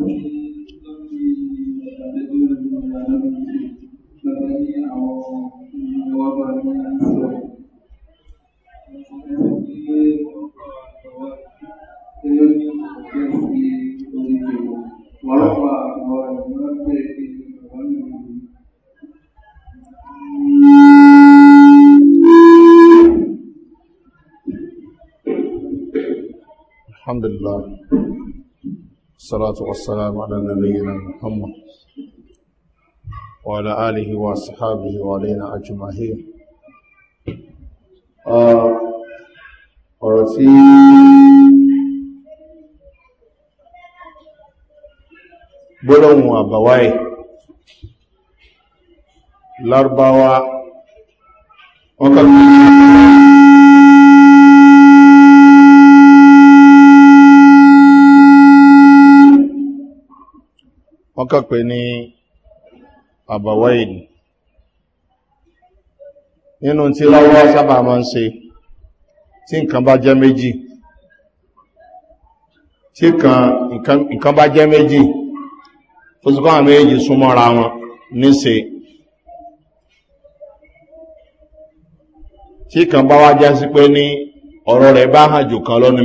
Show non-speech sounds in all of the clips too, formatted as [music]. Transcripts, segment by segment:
الله والسلام على نبينا محمد وعلى آله وصحابه وعلينا أجمعين آه، ọ̀rọ̀ tí gbọ́lọ́hun àbàwáyé kàn pé ní àbàwẹ́yìn nínú tí lọ́wọ́ sábà máa ń se tí nǹkan bá jẹ́ méjì tí nǹkan bá jẹ́ méjì tó súnmọ́ra wọn níse tí kan bá wá sí pé ní ọ̀rọ̀ rẹ̀ bá hàn jù kan lọ́nu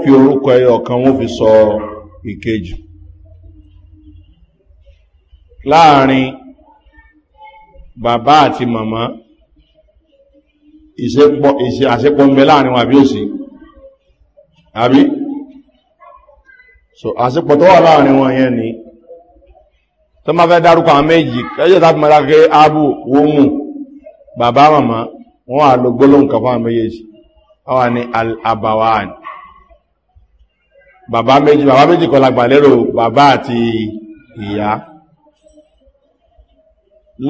fi orúkọ ẹyọ kan wọ́n fi sọ ìkejì. láàrin bàbá àti màmá ìṣe àṣepọ̀ ń bẹ láàrin wọn àbí òsì àbí so àṣepọ̀ tó wà láàrin wọn yẹn ni tó máa fẹ́ dárúkọ àwọn méjì ẹjọ́ tàbí mọ́ta kí ábù wómù bàbá màmá wọ́n à ló gbólóhùn kan fún àwọn méjèèjì àwọn ni al-abawan bàbá méjì bàbá méjì kọ́ lagbàlérò bàbá àti ìyá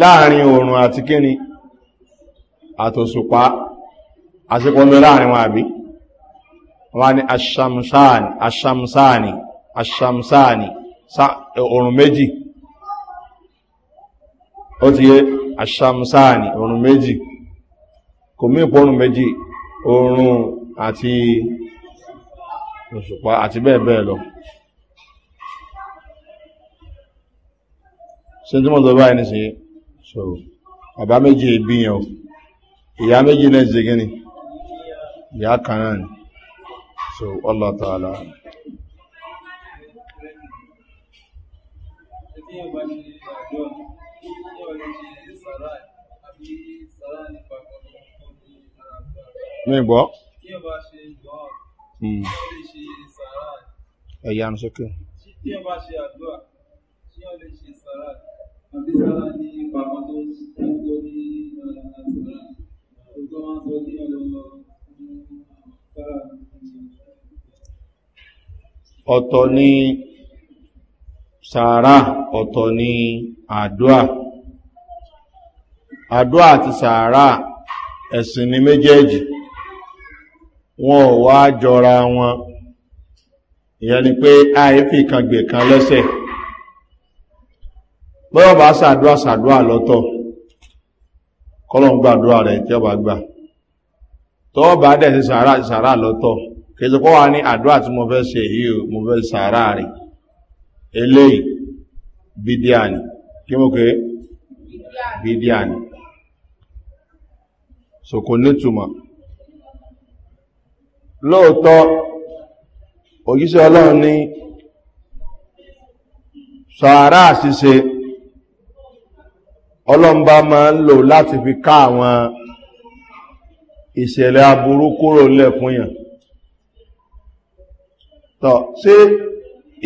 láàrin oòrùn àti kíni àtòsùpá àsìkọlọ láàrin wọn àbí wọn ni aṣamsáàni aṣamsáàni aṣamsáàni oòrùn méjì ó ti yé aṣamsáàni oòrùn méjì kò mí ìpọ́nù méjì oòrùn àti òṣùpá àti bẹ́ẹ̀ bẹ́ẹ̀ lọ ṣe báyìí nísìnyí so bàbá méjì ìbíyàn ìyá méjì náà ṣe gíní ìyá kan náà ni so ọlọ́ta aláàrùn mi gbọ́ hmm. ẹ̀yà ń sókè tí wọ́n bá ṣe àdúrà tí wọ́n lè ṣe sàrà ọ̀tọ̀ ni sàárà ọ̀tọ̀ ni àdúà àdúà àti sàárà ẹ̀sìn ni méjèèjì wọn wá jọra wọn ìyẹn ni pé àìfì kan gbè kan lẹ́sẹ̀ẹ́ bọ́yọ̀ bá sàdúrà sàdúrà lọ́tọ̀ kọ́lọ̀n gbàdúrà rẹ̀ tí ọba gbà tọ́wọ́ bá dẹ̀ sí sàárà sí sàárà lọ́tọ̀ kèsì kọ́ wa ní àdúrà tí mo fẹ́ ṣe èyí o mo fẹ́ sàárà rẹ̀ eléyìí bídíàní kí mo kéré bídíàní so nítumọ̀ lóòótọ́ òjíṣẹ́ ọlọ́run ní sàárà ṣíṣe ọlọ́mbá máa ń lò láti fi ká àwọn ìṣẹ̀lẹ̀ aburú kúrò lẹ̀ fún yàn tọ́ sí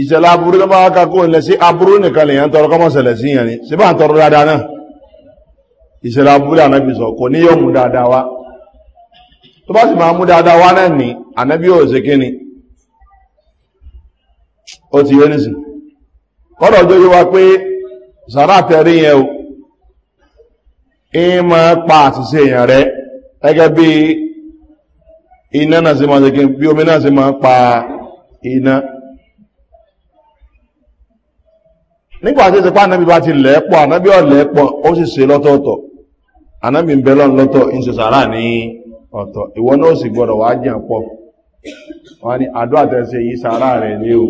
ìṣẹ̀lẹ̀ aburú lọ́bá wákà kó lẹ̀ sí aburú nìkan lè yàn tọrọ kọ́mọ̀ sẹ̀lẹ̀ sí yàn ni sí bá ń tọrọ dáadáa náà ìṣẹ̀lẹ̀ aburú ànábì sọ kò ní yóò mú dáadáa wá tó bá sì máa mú dáadáa wá náà ní ànábì ò sí kíni ó ti yé nísìn kọ́dọ̀ ọjọ́ yóò wá pé sàrà tẹ̀rí yẹn o ìmọ̀ pa àṣìṣe èèyàn rẹ gẹ́gẹ́ bí iná náà sí máa ṣe kí bí omi náà sí máa pa iná nígbà tí ìsìnkú ànábì bá ti lẹ́ẹ̀pọ̀ ànábì si ó sì ṣe lọ́tọ̀ọ̀tọ̀ ànábì ń bẹ lọ́n lọ́tọ̀ ń ṣe sàrà ní ọ̀tọ̀ ìwọ náà sì gbọ́dọ̀ wá jẹ́ pọ̀ wọ́n ní àdó àtẹ̀sẹ̀ yìí sàrà rẹ̀ ní o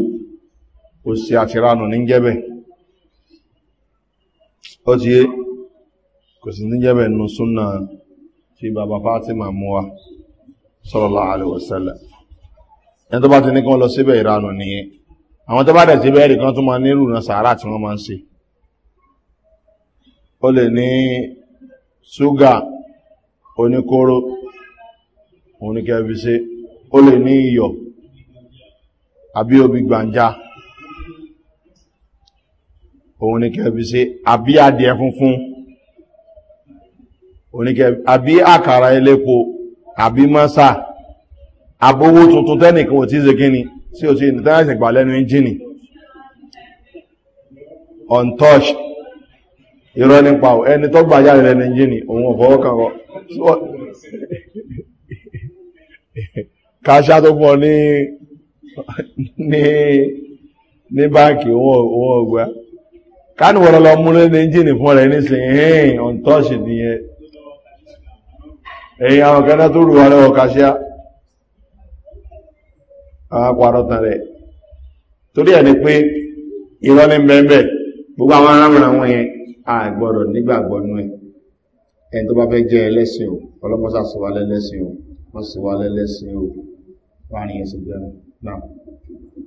ó ṣe àtìránù ní jẹ́bẹ̀ ó kò sí ní jẹ́bẹ̀ nù súnà tí bàbá fatima mú wa sọ́lọ́lá àlèwòsẹ́lẹ̀ ẹni tó bá ti ní kí wọ́n lọ síbẹ̀ ìranù nìyẹn àwọn tó bá dẹ̀ síbẹ̀ ẹ̀rì kan tó máa ní ìrùnà sàárà tí wọ́n máa ń se ó lè ní ṣúgà oníkóró oníkẹfisẹ́ ó lè ní iyọ̀ àbí omi gbàǹjà oníkẹfisẹ́ àbí adìẹ funfun oníkẹ́ àbí àkàrà elépo àbí mọ́sà àbówó tuntun tẹ́nìkan ò tí ṣe kíni sí òsì ìtẹ́lẹ̀sì gbà lẹ́nu ìjìnì untouched irọ́ nípa ò ẹni tó gbà járe lẹ́nu ìjìnì òun ọ̀fọ́wọ́ kan kọ́ káṣá tó fún ọ ní ní ní báńkì òun ọ̀gbà kánìwọ̀n lọ mú lẹ́nu ìjìnì fún ọ̀rẹ́ nísìnyí untouched nìyẹn ẹ̀yìn àwọn kaná tó rùwà lọ́wọ́ kàṣíá àwọn pàrọ̀tàn rẹ̀ torí ẹni pé ìrọ́lẹ́ mẹ́mẹ́ gbogbo àwọn arámìnà wọn yẹn àgbọ̀rọ̀ nígbàgbọ́ nú ẹ̀ ẹni tó bá fẹ́ jẹ́ ẹlẹ́sìn o ọlọ́mọ́sá síwá lẹ́lẹ́sìn o wọ́n síwá lẹ́lẹ́sìn o wà ní ẹsẹ̀ jẹ́ náà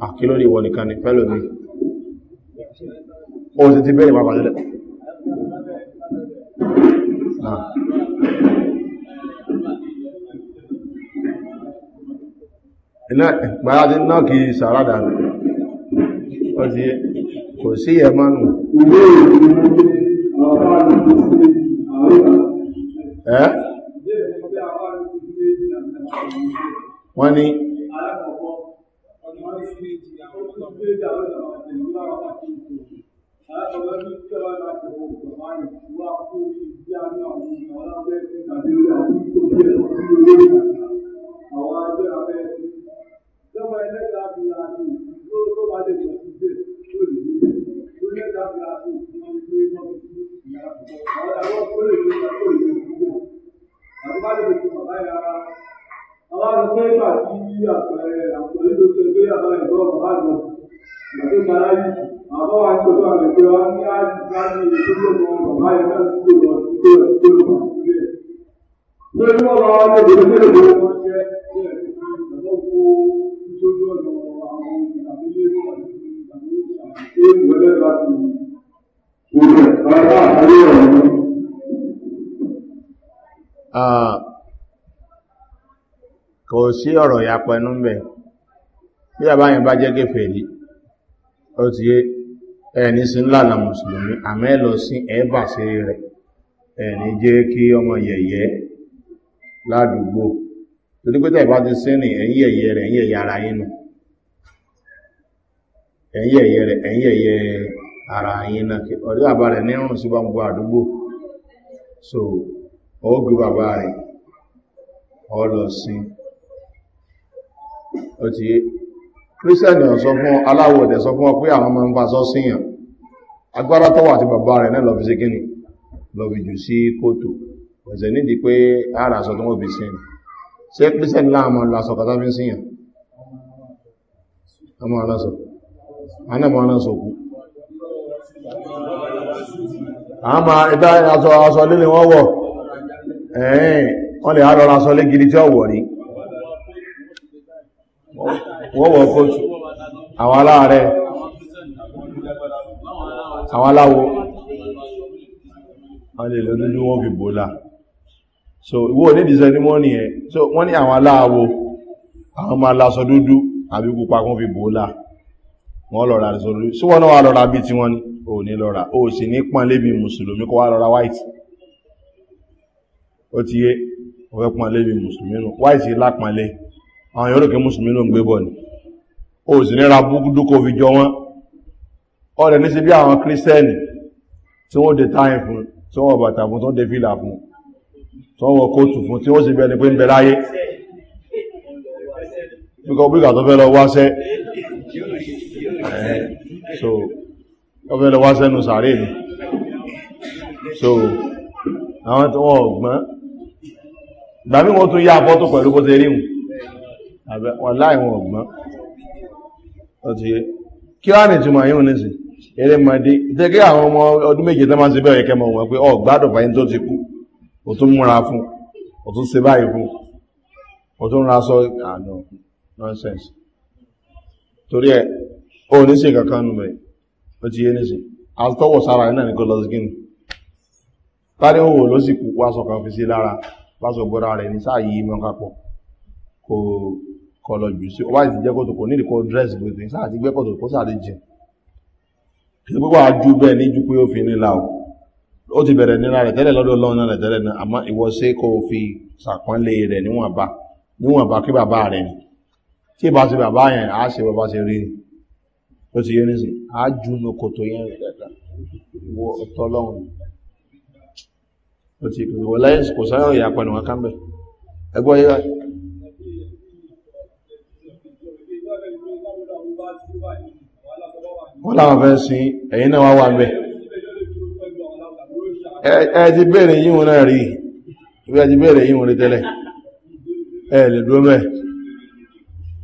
àkílórí ìwọ nìkan pelo fẹ́lò mi ó ti ti bẹ́ẹ̀ pàpàdé lẹ́pàá ìpàdé náà kì í sàrádà kò sí ẹmọ́nù wọ́n ni Àwọn ajẹ́ abẹ́ mẹ́ta fi ra sí tó tó bá lè lọ sí bẹ́ẹ̀ tó lè ní bẹ́ẹ̀ tó mẹ́ta fi ra sí tó máa ń gbé wọn fi sí ìyára fún wọn. àwọn àwọn tó lè lọ sí tó lè lọ sí bẹ́ẹ̀ àti bá lè lọ sí bàbá yẹn rárá. àwọn àgbẹ̀ gbà tí àpẹẹrẹ àpẹẹrẹ tó ṣe pé àbá ẹ̀gbọ́n bàbá àgbọ̀ ìgbà tó gbára yìí àbá wa tó tó àgbẹ̀ pé wá ní àdìgbàdì tó lọ́mọ ẹgbẹ́ láti ìwé rárá àárí ọ̀rọ̀ ni. kò sí ọ̀rọ̀ ìyapọ̀ ẹnu ń bẹ̀ bí àbáyìn bá jẹ́ kéfèrí ó ti yé ẹni sí ńlànà mùsùlùmí àmẹ́ lọ sí ẹ̀bà sí rẹ̀ ẹni jẹ́ kí ọmọ yẹ̀yẹ́ ládùúgbò torípẹ́tẹ̀ ìbá ti sí ní ẹ̀yìn yẹ̀yẹ́ rẹ̀ ẹ̀yìn yẹ̀yẹ́ ara yínú ẹ̀yìn ẹ̀yẹ rẹ̀ ara yìí náà kí ọ̀rí bàbá rẹ̀ ní ọ̀rùn sí so ó gbé bàbá rẹ̀ ọ lọ sí ó ti kírísítẹ̀nì ọ̀sọ́ fún aláwọ̀ ọ̀dẹ̀ sọ fún ọ pé àwọn ọmọ ń sọ agbára tó wà tí bàbá rẹ̀ náà lọ fi lọ fi jù sí ọ̀sẹ̀ pé ara àṣọ tó wọ́n fi sí ṣe kírísítẹ̀nì láàmọ́ lọ fi ọmọ anẹ́bọn náà sọ̀kú àmà ìdá aṣọ aṣọ lílé wọ́n wọ̀ ẹ̀yìn wọ́n lè àrọ̀ aṣọ lé gidi tí ó wọ̀ rí wọ́n wọ̀ kóòtù àwọn aláàrẹ àwọn aláwo wọ́n lè lọ dúdú wọ́n fi bòlá so ìwò ní ìdíṣẹ́ ní wọ́n ni ẹ̀ so wọ́n ní àwọn aláwo àwọn máa lásọ dúdú àbí pupa kan fi bòlá wọ́n lọ́ra sórí sí wọ́n náà wà lọ́ra bí tí wọ́n ní o ní lọ́ra o sì ní pọ́n lébi mùsùlùmí kó wà lọ́ra white ó ti yé ọ̀fẹ́ pọ́n lébi mùsùlùmí nù white lápọ́nlé àwọn yóò rò mùsùlùmí ló ń gbé bọ̀ ni o sì ní ra búdú kó fi jọ wọ́n ọ̀rẹ́ ní sí bí àwọn kírísítẹ́nì tí wọ́n dé táyìn fún tí wọ́n bàtà fún tí wọ́n dé fìlà fún tí wọ́n wọ kóòtù fún tí wọ́n sì bẹ́ẹ̀ ni pé ń bẹ láyé bí kọ́ bí kà tó fẹ́ lọ wáṣẹ́ so ọfẹ́ lọ wá sẹ́nu sàárè ni so àwọn tí wọ́n gbọ́n gbàmí wọ́n tún yá pẹ̀lú ti rí wọn láì wọn gbọ́n kí wá ọ gbádùn fàyín tó ti kú ò tún múra fún ò tún se báyìí fún ò tún ra sọ ah, nonsense ó ní sí kankan nù mẹ́ ó ti yé nísìn àtọwọ̀ sára ẹ̀ náà ní kó lọ sí gíní tálẹ́ òwò ló sì kú wáṣọ kan fi sí lára wáṣọ gbọ́ra rẹ̀ ní sáàyè ìmọ̀ kápọ̀ kò kọ lọ jù sí ọba ìtìjẹ́ kòtò kò nílùú kọ dírẹ́sì gbèsè sáà ti gbẹ́ kòtò kó sáàdé jẹ kí ló wà ju bẹ́ẹ̀ ní ju pé ó fi nílà o ó ti bẹ̀rẹ̀ nílà rẹ̀ tẹ́lẹ̀ lọ́dọ̀ lọ́wọ́ náà tẹ́lẹ̀ náà àmọ́ ìwọ ṣe kó o fi sàpọ́nlé rẹ̀ níwọ̀nba níwọ̀nba kí bàbá rẹ̀ ni tí bá ṣe bàbá yẹn àá ṣe bàbá ṣe rí ni ó ti yé ní sí àájúnú kòtò yẹn rẹ̀ wo ó ti kò wọ́n kò sáyọ̀ ìyá pẹ̀lú wọn kánbẹ̀ ẹgbọ́ yíra wọ́n láwọn fẹ́ sin ẹ̀yìn náà wá wà bẹ́ ẹ ti bẹ̀rẹ̀ yíwọ̀n náà rí ẹ ti rí ẹ lè dúró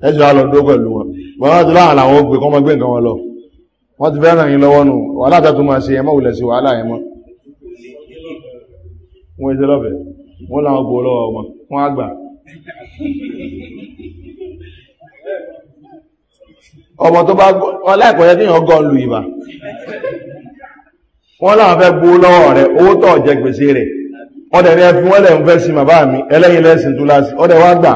ẹjọ́ lọ dó pẹ̀lú wọn bọ́n ti láàrín àwọn ògbè kọ́ mọ́ gbé nǹkan wọn lọ wọ́n ti fẹ́ràn yín lọ́wọ́ nù wàhálà tó máa ṣe ẹmọ́ wùlẹ̀ sí wàhálà ẹmọ́ wọ́n ìṣẹ́ lọ́fẹ̀ wọ́n láwọn gbò lọ́wọ́ wọn wọ́n á gbà ọmọ tó bá wọ́n láìpọ̀ yẹ kíyàn gọ́ lu ìbà wọ́n láwọn fẹ́ gbó lọ́wọ́ rẹ̀ owó tọ̀ jẹ gbèsè rẹ̀ ọdẹ ni ẹ fi wọ́n lẹ̀ ń fẹ́ sí màbá mi ẹlẹ́yìn lẹ́sìn túláṣì ọdẹ wá gbà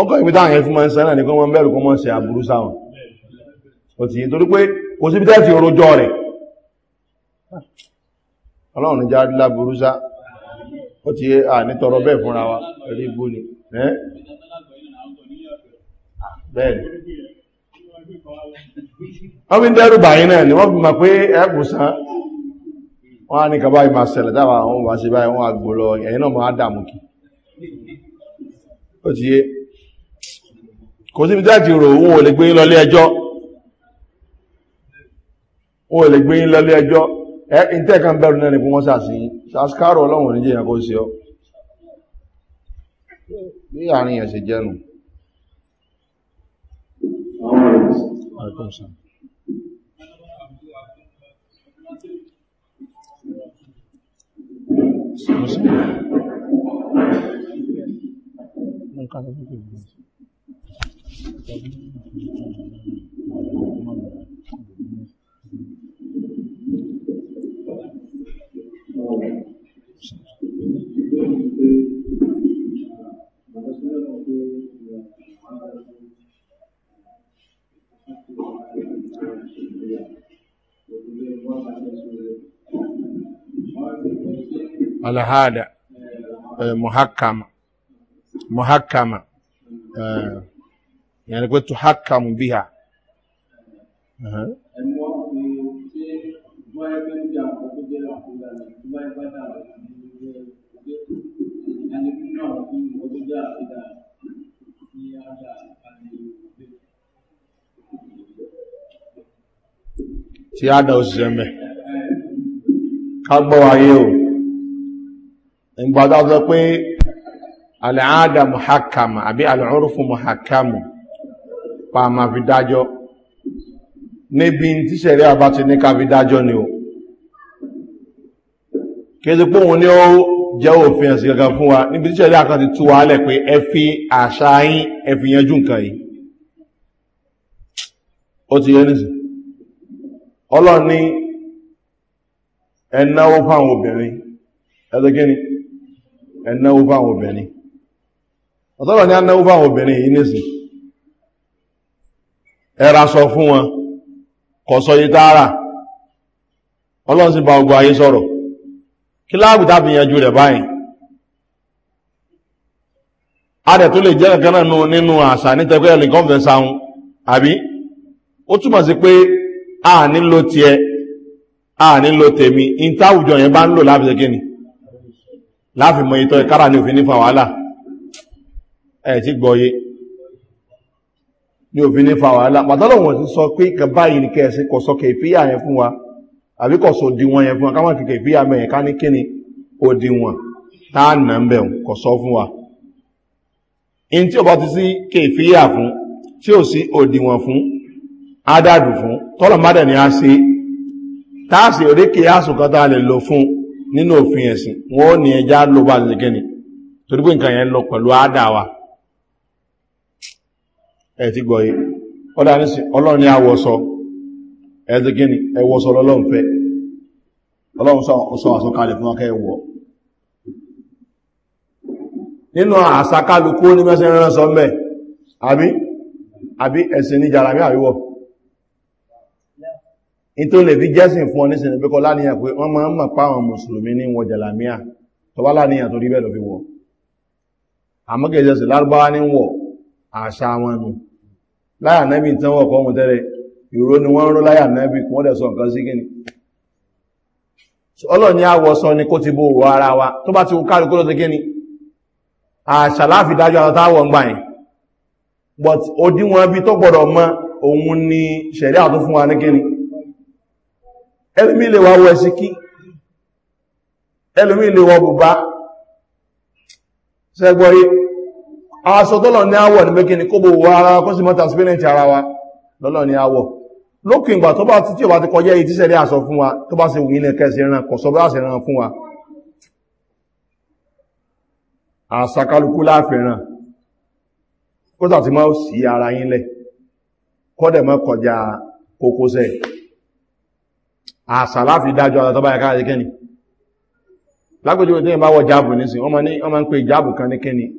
ọkọ̀ ìpé táwọn yẹn fún ma ń sẹ́nà ní kọ́ bẹ̀rù kọ́ sí àbúrú sáwọn ó ti yí torí pé kò sí bítẹ́ ti orójọ́ rẹ̀ ọlọ́run já sá ti à ní tọrọ bẹ́ẹ̀ fúnra wa ni wọ́n fi ń dẹ́rù bàyí náà ni wọ́n fi mọ̀ pé ẹ̀kù wọ́n á ní kaba ìmọ̀ kò sí dájì rò wọn ò lè gbé lọlé ẹjọ́ wọn ò lè gbé lọlé ẹjọ́ ẹ ìtẹ́ẹ̀kan bẹ̀rù náà ni fún wọn sàṣì sàṣkárò ọlọ́run níjẹ́ yẹn kó sí ọ bí àárín yẹn ṣe jẹ́nu Thank you. على هذا آه، محكمة محكمة آه يعني كنت تحكم بها أه. tí a dà òṣìṣẹ́ mẹ́ o ìgbàdá ọ̀sọ̀ pé al'ada muhakkama àbí al'urufu muhakkamu pa máa fi dájọ́ níbi tíṣẹ̀rí àbá ti ní ká fi dájọ́ ni o kéde pé òun ni ó jẹ́ òfin ẹ̀sìn kankan fún wa níbi tíṣẹ̀rí àkan ti tú wa lẹ̀ pé ẹ fi àṣà yín ẹ fi yanjú nǹkan yìí ó ti yẹ nísìn ọlọ́run ní ẹnáwó fáwọn obìnrin ẹ̀dọ́gẹ́ni ẹnáwó fáwọn obìnrin ọ̀tọ́rọ̀ ní ẹnáwó fáwọn obìnrin yìí nísìn ẹra sọ fún wọn kọ̀ sọ yí tààrà ọlọ́run sí bá ọgbọ̀ ayé sọ̀rọ̀ kí láàbù tàbí yanjú rẹ̀ báyìí a rẹ̀ tó lè jẹ́ kankan nínú àṣà ní tẹ́kọ́ ẹ̀lì kọ́fẹ́ sáhun àbí ó túmọ̀ sí pé a nílò tiẹ̀ a nílò tèmi in táwùjọ yẹn bá ń lò láàbì sẹ́kẹ́ni láàfin mọ ìtọ́ ìkárà ní òfin nífà wàhálà ẹ̀ tí gbọ́ yé ní òfin ní fa wàhálà pàtàkì wọn ti sọ pé kẹ báyìí ní kẹsí kọ sọ kẹfíà yẹn fún wa àbí kọ sọ òdiwọn yẹn fún wa káwọn kẹkẹ fíà mẹyìn ká ní kíni òdiwọn tá à nà ń bẹ̀ kọ sọ fún wa. in tí o bá ti sí kẹfíà fún tí o sí òdiwọn fún ádádù fún tọ́lọ̀ mádẹ̀ ni a ṣe tá a sì oríkèé àsùnkàn tá a lè lò fún nínú òfin ẹ̀sìn wọn ò ní ẹja ló bá kíni torí pé nǹkan yẹn lọ pẹ̀lú ádà wa ẹ ti gbọ́ yìí ọ̀dà nísìn ọlọ́run ní àwọ̀sọ ẹ ti gíní ẹwọ́sọ ọlọ́run fẹ́ ọlọ́run sọ àsọkalẹ̀ fún ọkẹ́ ẹwọ́ nínú àsakálukú ní mẹ́sẹ̀ rán sọ mẹ́ àbí àbí ẹ̀sìn ní jàràmí àríwọ̀ in tó lè fi jẹ́sìn fún ọ nísìn ìbíkọ́ láníyàn pé wọ́n máa ń mọ̀ páwọn mùsùlùmí ní wọn jàlàmíà tọ́wá àmọ́gẹ̀ẹ́sẹ̀ lárúbáwá ní wọ̀ àṣà wọn nù láyà nẹ́bí tán wọ́n kọ́ mú tẹ́lẹ̀ ìró ni wọ́n rú láyà nẹ́bí kún wọ́n dẹ̀ sọ nǹkan sí gíní ọlọ́run ni àwọ̀sọ ni kó ti bo òwò ara wa tó bá ti wù kálukú ló ti gíní àṣà láfi dájú gbà but òdiwọ̀n bí tó gbọ́dọ̀ mọ òun ni ṣẹ̀rí àtún fún wa ní gíní ẹlùmí lè aṣọ tọ́lọ̀ ní àwọ̀ ní ni kó bó wà ara kó sí mọ́ transparent ara wa lọ́lọ́ ní àwọ̀ lókè ìgbà tó bá ti tí ò bá ti kọjá èyí tíṣẹ́ rí aṣọ fún wa tó bá se wùyí lẹ́kẹ́ sí ran kọ̀ sọ bá sì ran fún wa àṣàkálukú láàfẹ́ràn kó tàbí máa sí ara yín lẹ̀ kọ́dẹ̀ mọ́ kọjá kókósẹ̀ àṣà láfi dájọ́ ara tó bá yẹ káàkiri kẹ́ni lágbèjì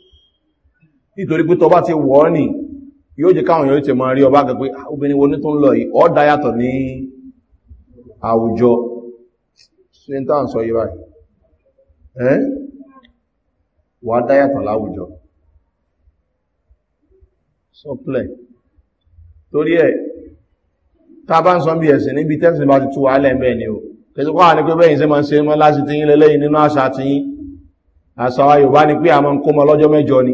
nítorí pé tọba ti wọ́ ní yóò jẹ káwọn èèyàn ti máa rí ọba gẹ̀ pé ah, obìnrin wo ní tó ń lọ yìí ọ́ dáyàtọ̀ ní àwùjọ síntáà ń sọ yìí báyìí ẹ́ wà dáyàtọ̀ láwùjọ sọ́pẹ́lẹ̀ torí ẹ̀ tá bá ń sọ bí ẹ̀sìn níbi tẹ́sìn bá ti tú wà lẹ́ẹ̀mẹ́ ni o kẹsùkọ́ wà ní pé bẹ́yìn sí se mọ́ láti tí yín lẹ́lẹ́yìn nínú àṣà tí yín àṣà wa yorùbá ni pé àmọ́ ń kó mọ́ lọ́jọ́ mẹ́jọ ni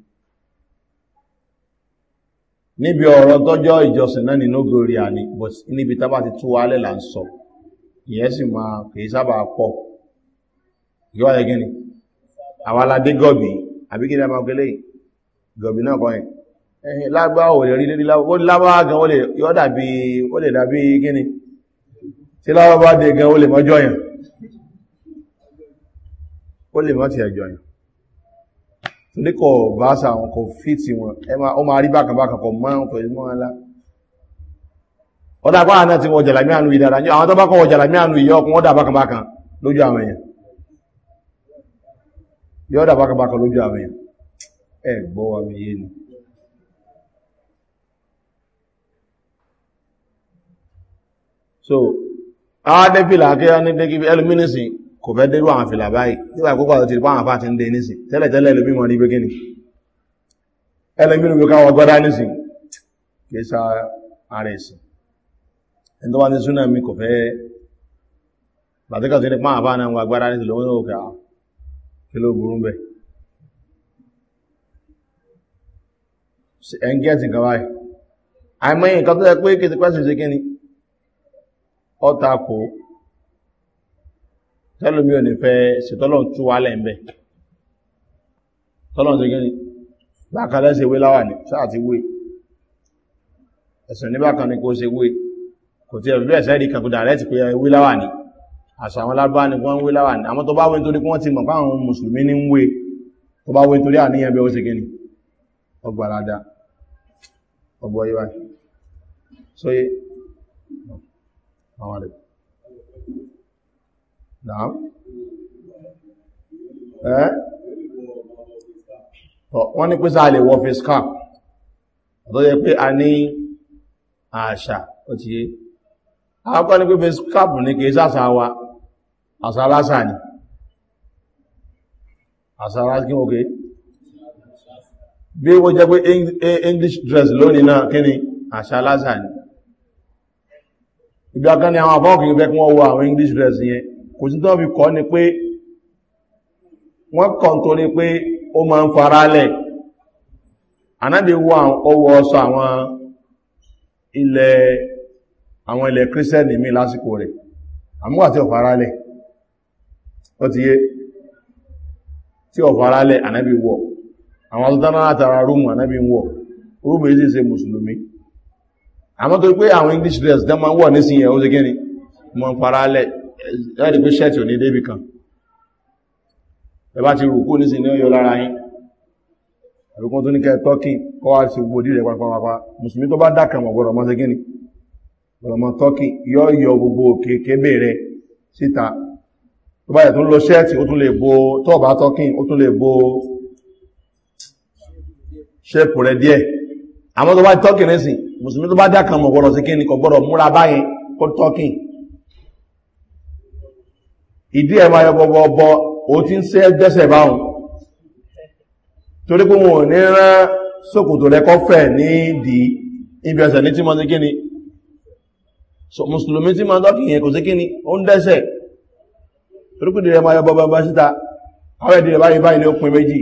níbi ọ̀rọ̀ tọ́jọ́ ìjọsìn náà nínú gòrí àní but níbi tábà ti tú wálẹ̀ là ń sọ ìyẹn sì máa kìí sábà pọ̀ yọ́ ẹ̀ gíní àwọn aládé gọ̀bì àbí kí ni a máa gbélé gọ̀bì náà kọ́yìn ẹ̀hìn lágbá ò lè rí lérí lábá gan ó lè yọ́ dàbí ó lè dàbí gíní tí lábá bá dé gan ó lè mọ́jọ́ yàn ó lè mọ́ ti ẹ̀jọ́ torí kọ̀ bá sà wọn kọ̀ fíìtì wọn ọ máa rí bákan bákan kọ̀ mọ́ ọkọ̀ ìmọ̀ ńlá ọdá apá àná tí wọ́n jàlámí àánú ìdára ní àwọn tó bá kọ́ wọ́n jàlámí àánú ìyọ́ ọkùn wọ́n dà bákan bákan lójú àwọn èèyàn yọ́ dà bákan bákan lójú àwọn èèyàn ẹ gbọ́ wa mi yé ni so àwọn adẹ́fìlà akẹ́yọ́ ní dẹ́kí ẹlùmínísìn kò fẹ́ dérú àwọn fìlà báyìí nígbà ìkókò àti ìpá àwọn àfáàtì ń dé nísìn tẹ́lẹ̀ tẹ́lẹ̀ lómi mọ̀ ní pé kíni ẹlẹ́mí ló ká wọ́n gọ́dá nísìn kì í sa ara ẹ̀sìn ẹni tó wá ní súnà mi kò fẹ́ bàtíkà tó ní pa àfáà náà wà gbára nísìn lọ́wọ́ náà kà kí ló burú bẹ́ẹ̀ ẹ̀ ń gẹ́ẹ̀tì kan báyìí àìmọye nǹkan tó yẹ pé kìtìpẹ́sì ṣe kíni ọ̀tà kò tẹ́lómi ò ní fẹ́ ṣètọ́lọ̀n tú wá lẹ́m̀bẹ̀ tọ́lọ̀n ti gẹ́ni bákanlẹ́ ṣe wé láwà ní sáàtí wé ẹ̀sùn ní bákan ní kó ṣe wé kò tí ẹ̀rù ẹ̀sẹ́ rí kàkùdà rẹ̀ ti pé wé láwà ní àṣà àwọn lábá ní wọ́n wé láwà ní àmọ́ tó bá wé nítorí wọ́n ti mọ̀ fáwọn mùsùlùmí ní wé tó bá wé náà ẹ́ wọ́n ní pèsè àlè wọ face cap ọ̀tọ́ yẹ pé a ní àṣà ó ti yé àkọ́kọ́ ní pé face cap ní kìí sáàsà wa àṣà lásà ni àṣà lásà kí wọ́n kìí english dress lónìí náà kí ni àṣà lásà ni ibi akẹ́ni àwọn àbọ́kì ń fẹ́ kí wọ́n àwọn english dress yẹn kò sí tó fi kọ́ ni pé wọ́n kàn tó ní pé ó máa ń farálẹ̀ anáde wọ ọwọ́ ọsọ àwọn ilẹ̀ àwọn ilẹ̀ kírísẹ́nì mi lásìkò rẹ̀ àmúwà tí ó farálẹ̀ ó ti yé tí ó farálẹ̀ anábi wọ àwọn ọdún látara rúmù anábi wọ rúmù èyí ṣe mùsùlùmí àmọ́ tó pé àwọn english dress dán máa wọ̀ nísìnyẹ̀ ó ṣe gẹ́ni mọ́ farálẹ̀ ẹ̀rì pé ṣẹ́ẹ̀tì ò ní débì kan ẹbá ti rùkú ní sí ní ọyọ lára yín ẹ̀rùkún tó ní kẹ́ tọ́kì kọ́ wá sí gbogbo díẹ̀ pàpàpàpà mùsùlùmí tó bá dákàmọ̀ gbọ́dọ̀ mọ́ sí gíní gbọ́dọ̀ mọ́ tọ́kì yọ yọ gbogbo òkè kébè rẹ síta tó bá yẹ tó ń lo ṣẹ́ẹ̀tì ó tún lè bo tọ́ọ̀bá tọ́kì ó tún lè bo ṣẹ́ẹ̀pù rẹ díẹ̀ àmọ́ tó bá tọ́kì nísìn mùsùlùmí tó bá dákàmọ̀ gbọ́dọ̀ sí gíní kọ gbọ́dọ̀ múra báyẹn kó tọ́kì ìdí ẹ̀ máa yọ o ti ń sẹ́ dẹ́sẹ̀ báhùn torí pé wọn ò ní rán sókòtò lẹ́kọ́ fẹ̀ ní ìdí ibi ẹ̀sẹ̀ ní tí mọ́ sí kíni so musulumi tí ma ń tọ́kì yẹn kò sí kíni ó ń dẹ́sẹ̀ torí pé ìdí ẹ̀ máa yọ bọ̀bọ̀ bá síta àwọn ìdí ẹ̀ báyìí báyìí ní ó pin méjì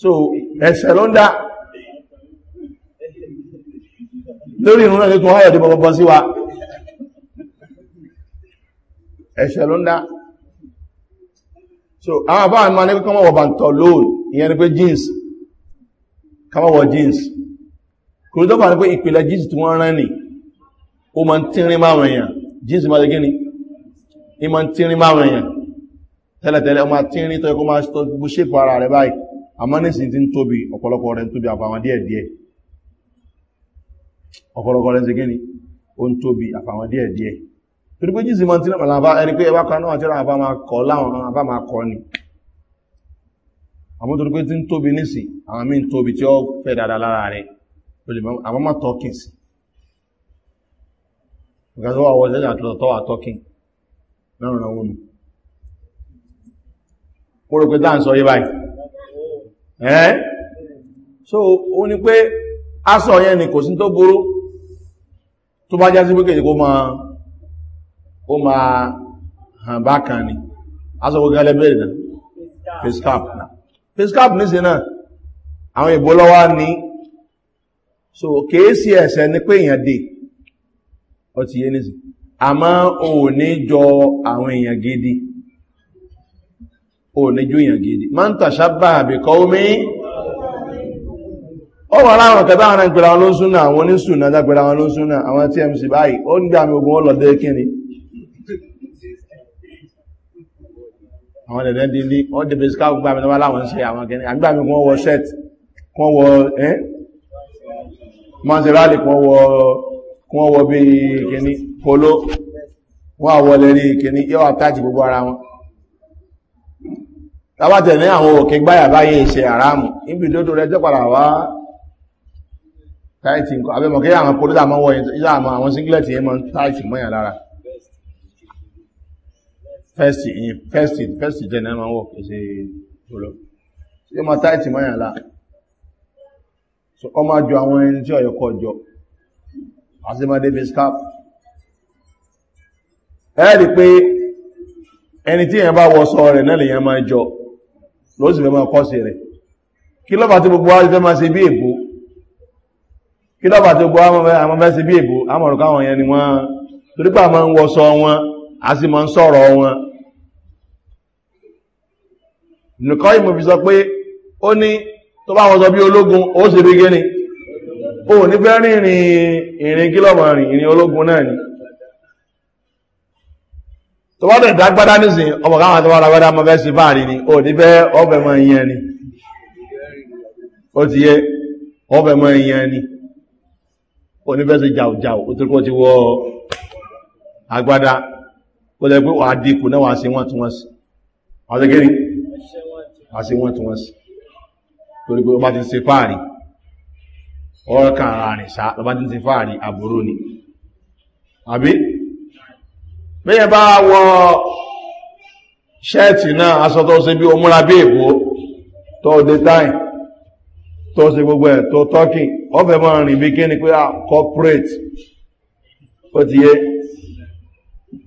so ẹ̀sẹ̀ ló ń dá lórí ìrún náà tó háyọ̀ tí bọ̀bọ̀ sí wa ẹ̀ṣẹ̀ ló ń dá so àwọn àbá àmà ní kọ́mọ̀ wọ̀ bàntọ̀ lóòrùn ìyẹn ni pé jeans kọ́mọ̀ wọ̀ jeans kùrù tó bà ní pé ìpìlẹ̀ jeans tí wọ́n rán ní ó ma ń tínrín márùn èèyàn jeans ma lè gíní ní ma ń tínrín márùn èèyàn tẹ́lẹ̀tẹ́lẹ̀ ọmọ tínrín tó ẹkọ́ ma ṣe gbogbo ṣèpọ̀ ara rẹ̀ báyìí àmọ́ nísìnyí ti ń tóbi ọ̀pọ̀lọpọ̀ lẹ́sí gíní o ń tóbi àfàwọn díẹ̀ díẹ̀ torí pé jíìsì mọ́ tí náà làbá ẹni pé ẹwà kan náà tí náà bá máa kọ́ láwọn náà bá máa kọ́ ni àmọ́ torí pé tí ń tóbi nísì àwọn míì ń tóbi tí ó fẹ́ dáadáa lára rẹ̀ àmọ́ má tọ́kìn sí because wọ́n wọ́n jẹ́jà tó tọ́wà tọ́kìn lọ́rùn so o ní pé aṣọ yẹn ni kò sí tó burú tó bá jásí wíkèjì kó ma ó ma hàn bákan ni aṣọ gbogbo ẹlẹ́bẹ̀rẹ̀ náà fiscap náà fiscap ní sí náà àwọn ìbò lọ́wọ́ ní so kìí sí ẹ̀ṣẹ̀ ní pé èèyàn dè ọ ti yé nìsí àmọ́ o ò ní jọ àwọn èèyàn gidi o ò ní jọ èèyàn gidi máa ń tàṣà bá àbíkọ́ omi ó wà láwọn kẹta àwọn ìpẹ̀lẹ̀ àwọn olóṣùnà àwọn oníṣùnà dápẹ̀lẹ̀ àwọn olóṣùnà àwọn tmc báyìí ó ń gbà mí ogun ọlọ́dẹ́ kíni àwọn ẹ̀dẹ̀ délé ó dẹ̀bẹ̀ sí káàkùn gbàmí lọ́wọ́ láwọn ṣe àwọn kẹni polo wọ́n àwọlẹ̀ rí kíní yóò àtàjì gbogbo ara wọn tàbátẹ̀ ní àwọn òkè gbáyà báyé táìtì nǹkan abẹ́mọ̀ kí àwọn kòrò dáa mọ́ wọ ìdáàmọ́ àwọn singlet yẹn mọ́ táìtì mọ́yàn lára fẹ́sì fẹ́sì fẹ́sì jẹ́ náà mọ́ wọ kèsè ìṣòro tí ó mọ́ táìtì mọ́yàn lára so ọ máa jọ àwọn ẹni tí ọ̀yọ́ kọ jọ àṣemọ́dé fi scarf ẹ rí pé ẹni tí èèyàn bá wọ sọ rẹ̀ náà lèèyàn máa jọ ló sì fẹ́ máa kọ́ sí rẹ̀ kí lọ́pàá tí gbogbo wa fẹ́ máa ṣe bí èbó kí lọ́pàá tó gbọ́ àwọn fẹ́ bí èbò yẹn ni wọ́n torípà máa ń wọṣọ wọn a sì máa ń sọ̀rọ̀ wọn nìkan yìí mo fi sọ pé ó ní tó bá wọ́n sọ bí ológun ó sì rí gíní ó ní fẹ́ rìnrìn ìrìn rìn ìrìn ológun náà ni tó bá nísìn ni ó ní fẹ́ ọbẹ̀ oníbẹ́sẹ̀ jàùjàù òtúrùkọ́ ti wọ agbádá ó lẹ́gbẹ́ wà díkù náà wà sí wọ́n tún wọ́n sí ọ̀sẹ̀gẹ́rin wà sí wọ́n tún wọ́n sí torí pé ọba ti se fáàrí ọ̀ọ́kà àrìn sá ọba ti se fáàrí àbúrò ni àbí bẹ́yẹ̀ bá wọ ṣẹ́ẹ̀tì náà asọ́tọ́ sí bí ọmúra bí èbó tọ́ táyìn tó ṣe gbogbo ẹ̀ tó tọ́kì ọbẹ̀ máa rìn bí kí ni pé ah, corporate ó ti yé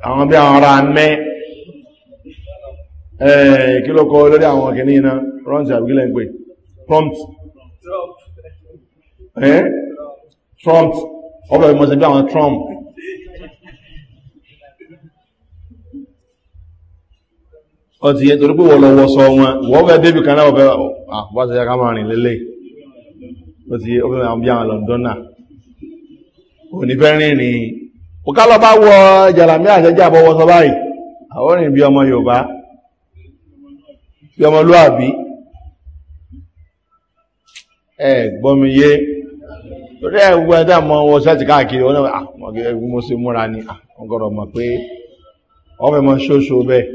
àwọn bí àwọn ará mẹ́ kí ló kọ́ lórí àwọn kìíní iná rọ́ǹtì àbíkílẹ̀ ń pè prompt trump ọbẹ̀ mọ̀ sí bí àwọn trump ọ̀tí yẹn torí pé wọ́n lọ wọ́sọ wọn wọ́n bẹ́ débì kan náà wọ́n bẹ́ àpapọ̀ ah, sí ẹka márùn-ún lélẹ́yìí ó ti ó fẹ́ máa bí àwọn lọ́ndọ́nà ò ní fẹ́ rìn rìn ó ká lọ́ bá wọ jàlámí àjẹjẹ àbọ̀wọ́ sọ báyìí àwọn rìn bí ọmọ yorùbá bí ọmọlúàbí ẹ gbọ́mi yé torí ẹ gbogbo ẹ̀dá mọ wọ sẹ́ẹ̀tì káàkiri wọn náà ah, mo sì múra ni ọgọ́rọ̀ ah, mọ̀ pé wọ́n fẹ́ mọ ṣóṣo bẹ́ẹ̀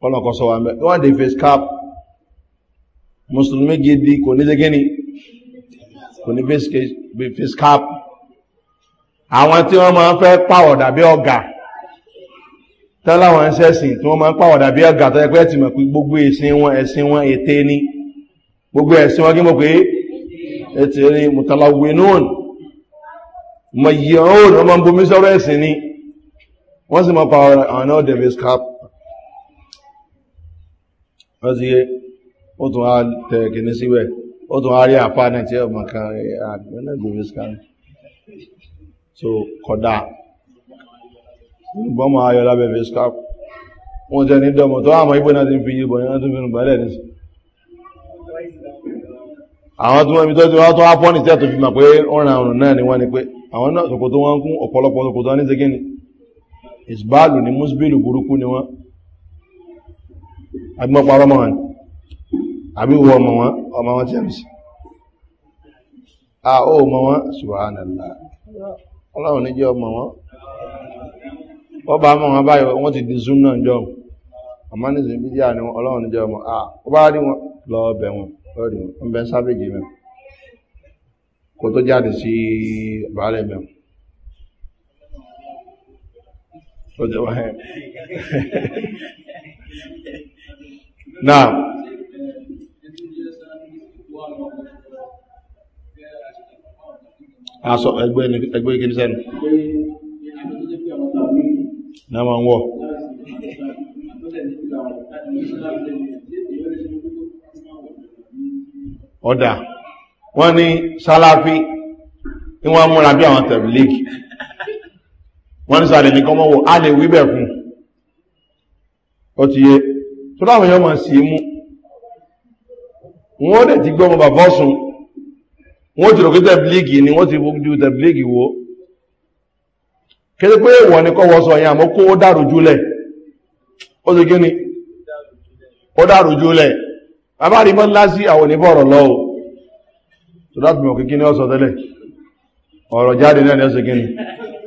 kọ́lọ̀kọ́ sọ wa mẹ́ wọ́n dé face cap mùsùlùmí gidi kò ní ṣe kíni kò ní face cap àwọn tí wọ́n máa ń fẹ́ pàwọ̀dà bí ọ̀gà tẹ́láwọn ń sẹ́sìn tí wọ́n máa ń pàwọ̀dà bí ọ̀gà tó yẹ pé ẹ̀tìmọ̀ pé gbogbo ẹ̀sìn wọn ẹ̀sìn wọn ète ni gbogbo ẹ̀sìn wọn kí mọ̀ pé ètè ni mùtàláwìnún mọ̀ yìí ọ̀hún ọmọ bomi sọ́rọ̀ ẹ̀sìn ni wọ́n sì mọ̀ pàwọ̀dà àwọn náà dẹ̀ face cap sì yé ó tún á tẹ̀ kìnní síbẹ̀ ó tún arí apá náà tí ọmọ kan àgbẹ̀lẹ̀ gbogbo scan so kọ̀dá ìbọn máa yọ lábẹ́ fi scan wọ́n jẹ́ ní dọ́mọ̀ tó àmọ́ ìbọn náà ti fi yíbọn yọ́n tún fi nù balẹ̀ ní àwọn tí wọ́n mi tó wá pọ́nì tẹ́ tó fi mà pé ọ̀ràn ọ̀rùn náà ni wọ́n ni pé àwọn náà sòkòtò wọn kún ọ̀pọ̀lọpọ̀ sòkòtò wọn ní segin ìsbáàlù ni musbilu burúkú ni wọ́n agbọ́pọ̀ arọ́mọ̀ ni àbí wọ ọmọ wọn ọmọ wọn a o mọ wọn ṣùgbọ́nàlá ọlọ́run ní jẹ́ ọmọ wọn wọ́n bá mọ̀ wọn báyìí wọ́n ti di zoom náà jọ ọmọ ní zoom bíjà ni ọlọ́run ní jẹ́ ọmọ a bá rí wọn lọ ọbẹ̀ wọn wọn sábẹ́jì kò tó jáde sí [laughs] aṣọ ẹgbẹ́ ẹgbẹ́ igi sẹ́nu náà ma ń wọ́ ọ̀dà wọ́n ní sálàfí ní wọ́n múra bí àwọn tẹ̀bílíkì wọ́n ní sàlẹ̀ nìkan mọ́wọ́ a lè wíbẹ̀ fún ọ ti yé tó láwọn yọ́ ma sí mú wọ́n dẹ̀ ti gbọ́mọ bàbá ọ̀sùn wọ́n ti rò pé tẹ̀blígì ni wọ́n ti fojú tẹ̀blígì wo kéde pé ìwọ̀n ni kọ́ wọ́n sọ yẹn àmọ́ kó ó dàrú júlẹ̀ ó ti gíní ó dàrú júlẹ̀ bàbá rí mọ́lá sí àwọn oníbọ̀rọ̀ lọ́wọ́ tó dá tùmọ̀ kíkí ní ọ̀sọ̀ tẹ́lẹ̀ ọ̀rọ̀ jáde náà ni ọ̀sọ̀ gíní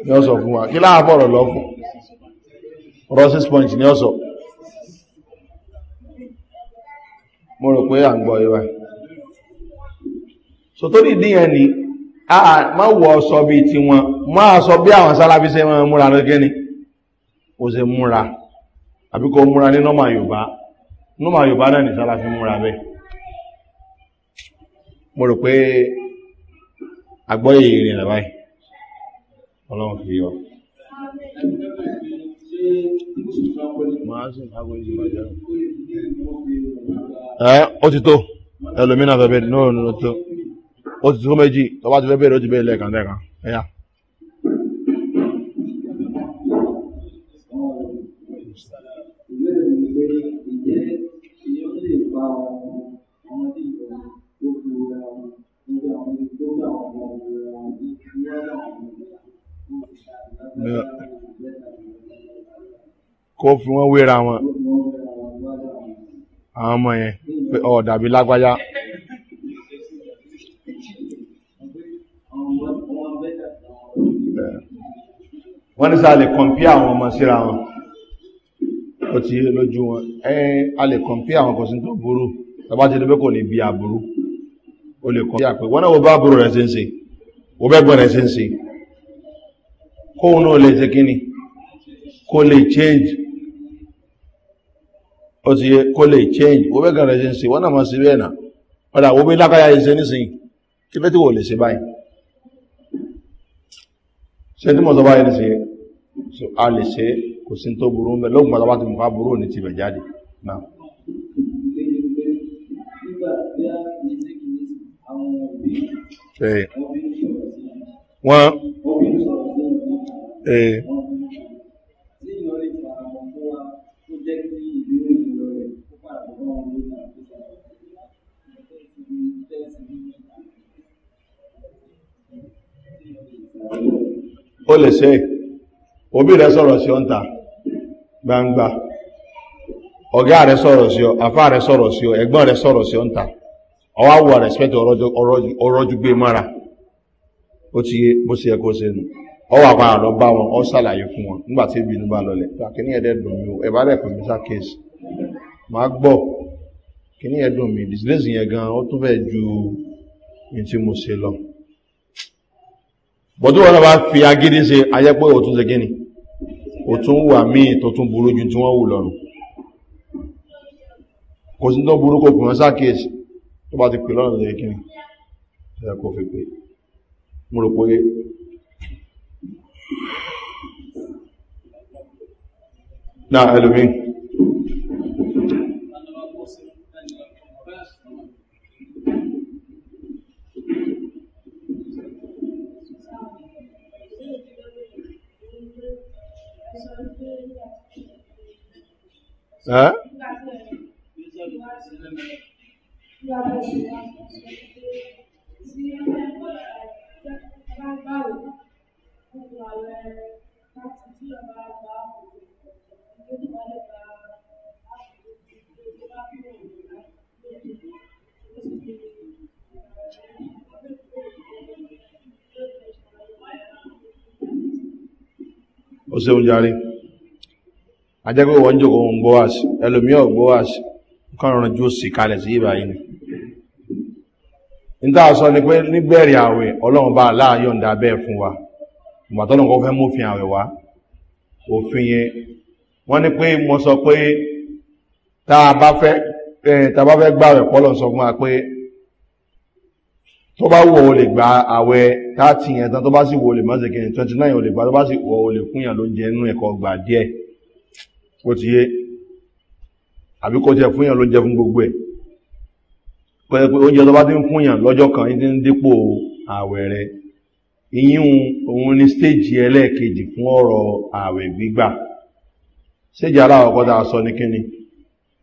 ni ọ̀sọ̀ fún wa kí láàbọ̀rọ̀ lọ fún rọ́sí sponge ni ọ̀sọ̀ mo rò pé à ń gbọ́ ìwà yìí so tó dìdí yẹn ni a má wọ ọsọ bí ti wọn má sọ bí àwọn sálábí ṣe máa múra lọ́gẹ́ ni ó ṣe múra àbí kò múra ní nọ́mà yorùbá nọ́mà yorùbá náà ní sálábí múra bẹ́ẹ̀ mo rò pé àgbọ́yé ìrìn rẹ̀ báyìí ọlọ́run fi yọ ẹ́ ó ti tó ẹlòmínà bẹ̀bẹ̀ náà ló tó ó ti tó méjì tó bá ti fẹ́ bẹ̀rẹ̀ ó ti bẹ̀rẹ̀ lẹ́ẹ̀kan lẹ́ẹ̀kan ẹ̀yà. kó fi wọ́n wéra wọn àwọn ọmọ yẹn pé dàbí lágbájá. wọ́n ní sáà lè kọ̀mpí àwọn ọmọ síra wọn ó ti lójú wọn ẹ́n a lè kọ̀mpí àwọn kò sí tó burú tàbá ti dúpẹ́ kò ní bí àbúrú ó lè kọ̀mpí àpẹ wọ́n náà wo bá àbúrò rẹ̀ ṣe ń ṣe wo bẹ́gbọ́n rẹ̀ ṣe ń ṣe kóhun náà lè ṣe kíni kó lè change ó ti yẹ kó lè change wo bẹ́gbọ́n rẹ̀ ṣe ń ṣe wọ́n náà máa ṣe bẹ́ẹ̀ náà padà wo bí lákàyà yìí ṣe nísìnyí kí fẹ́ tí wò lè ṣe báyìí ṣe tí mo sọ báyìí nísìnyí so a lè ṣe kò sí tó burú mẹ́ lóògùn bàtà bá ti mọ̀ká burú ní ti bẹ̀ jáde náà wọ́n ó lè ṣe é òbí rẹ̀ sọ̀rọ̀ sí ọ́ntà gbangba ọ̀gá rẹ̀ sọ̀rọ̀ sí ọ afá rẹ̀ sọ̀rọ̀ sí ọ ẹ̀gbọ́n rẹ̀ sọ̀rọ̀ sí ọ́ntà ọwá respect ọrọ́jú gbé mọ́ra ó ti yé bó ṣe ṣe nù ọwọ́ àpárá lọ bá wọn ọ ṣàlàyé fún wọn nígbà tí bá lọlẹ̀ kíní ẹ̀dẹ́ dùn mí o ẹ̀ bá lẹ̀kùn mi sákèésì máa gbọ́ kíní ẹ̀ dùn mí yẹn gan ó tún fẹ́ ju mo ṣe lọ bá fi agídí ṣe ayẹ́pẹ́ ó tún wà míì tó tún burú ju tí wọ́n wù lọ́rùn kò sí tó burú kò pè wọ́n sákèèsì tó bá ti pè lọ́rùn lè kí ni ẹ fi pè mo rò náà ẹlòmíì हाँ? उसे उजाड़ी ajẹ́gbẹ́ wọ́n jòkó ń gbọ́ wáṣì ẹlòmí ọ̀ gbọ́ wáṣì kọ́rùn jù sí kalẹ̀ sí ìbáyìí ni níta sọ ni pé nígbẹ̀rẹ̀ àwẹ̀ ọlọ́run bá aláàyọ̀ ń da bẹ́ẹ̀ fún wa ìgbà tọ́lọ́run kọ́ fẹ́ mófin àwẹ̀ wá òfin yẹn wọ́n ní pé mo sọ pé tá a bá fẹ́ tá a bá fẹ́ gbà rẹ̀ pọ́lọ̀ sọ fún wa pé tó bá wù ọ́ lè gba àwẹ̀ táàtì yẹn tán tó bá sì wù ọ́ lè má ṣe kìnnìkan twenty nine ò lè gba tó bá sì wù ọ́ lè fún yàn lóúnjẹ nínú ẹ̀kọ́ gbà díẹ̀ ó ti yé àbí kó jẹ fún yàn ló jẹ fún gbogbo ẹ̀ pẹ̀lú pé oúnjẹ tó bá ti ń fún yàn lọ́jọ́ kan ní ti ń dípò ààwẹ̀ rẹ̀ ìyún òun ni stéèjì ẹlẹ́ẹ̀kejì fún ọ̀rọ̀ ààwẹ̀ gbígbà stéèjì aláwọ̀kọ́ tá a sọ ní kíni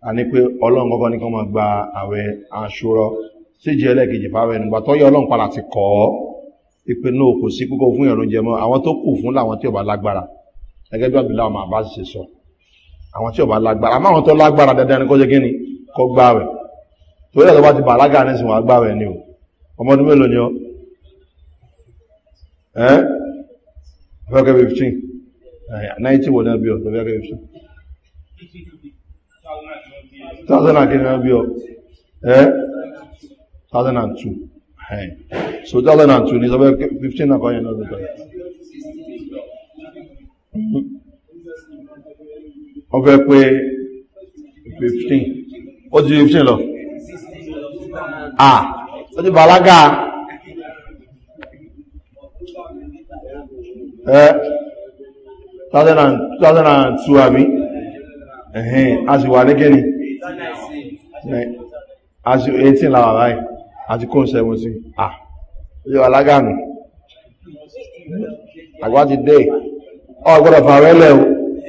a ní pé ọlọ́run kọ́kọ́ ní máa gba ààwẹ̀ aṣọrọ stéèjì ẹlẹ́ẹ̀kejì fáwẹ̀ nígbà tó yẹ ọlọ́run padà ti kọ́ ọ́ ìpè náà kò sí kókó fún yàn lóúnjẹ mọ́ àwọn tó kù fún làwọn tí ò bá lágbára gẹ́gẹ́ bí àbílà ọmọ àbá ṣe sọ. So àwọn tí ò bá lágbára àmọ́ àwọn tó lágbára dandan ni kó jẹ́ kíni kó gbá rẹ̀ torí ẹ̀tọ́ bá ti bàlágà ní ìsìn wà gbá rẹ̀ ni o ọmọ ọdún mélòó ni ọ ẹ́ fẹ́kẹ́ 15 19 wọ̀dá bí ọ tó fẹ́kẹ́ 15 thousand and kìnnìkan bí ọ so thousand and two ni sọ fẹ́ 15 náà kọ́ yẹn lọ́dún tó ọfẹ́ ekwe 15 ó ti 15 lọ ah ti 2002 àbí ẹ̀hìn a sì wà lẹ́gẹ́ 18 láwà báyìí àti kó 17 ah ó ti bàlágà nù àgbà ti dé ọgbọ́dọ̀ o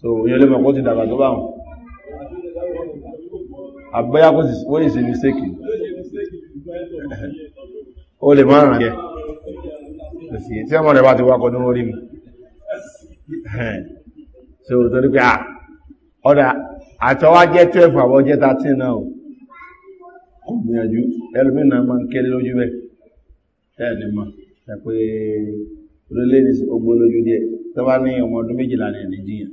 so yẹn ló mọ̀ kó ti dàgbà tó bá wọn àbáyá kó sì ṣe mistake ó lè máa ràn yẹ tí ọmọ rẹ̀ bá ti wákọ̀ ní orí mi so torí pé ọ̀dà àtọwá jẹ́ 12 àwọ̀ jẹ́ 13 náà kò gbìyànjú ẹlòmínà máa ń kéré lójú bẹ́ẹ̀ ẹni mọ̀ ẹ̀pẹ́ orílẹ̀-èdè ogbó lójú díẹ̀ tó bá ní ọmọ ọdún méjìlá ní ẹ̀nìjìyàn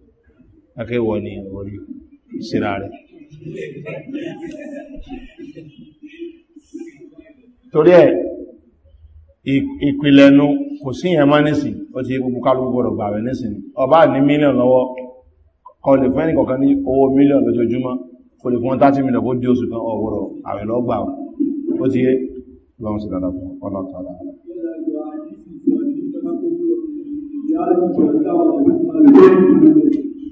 akẹ́wọ̀ ni orí síra rẹ̀ torí ẹ̀ ìpìlẹ̀nu kò sí ẹ̀mọ́ nísìn ó ti gbogbo kálù gbọ́dọ̀ gbàwẹ̀ nísìn ọba ní mílíọ̀n lọ́wọ́ kọ lè fẹ́ nìkọ̀kan ní owó mílíọ̀n lójoojúmọ́ kò lè fún 30 mílíọ̀n kó dí oṣù kan ọ̀wọ̀rọ̀ àwẹ̀ lọ́gbà ó ti yé Thank you.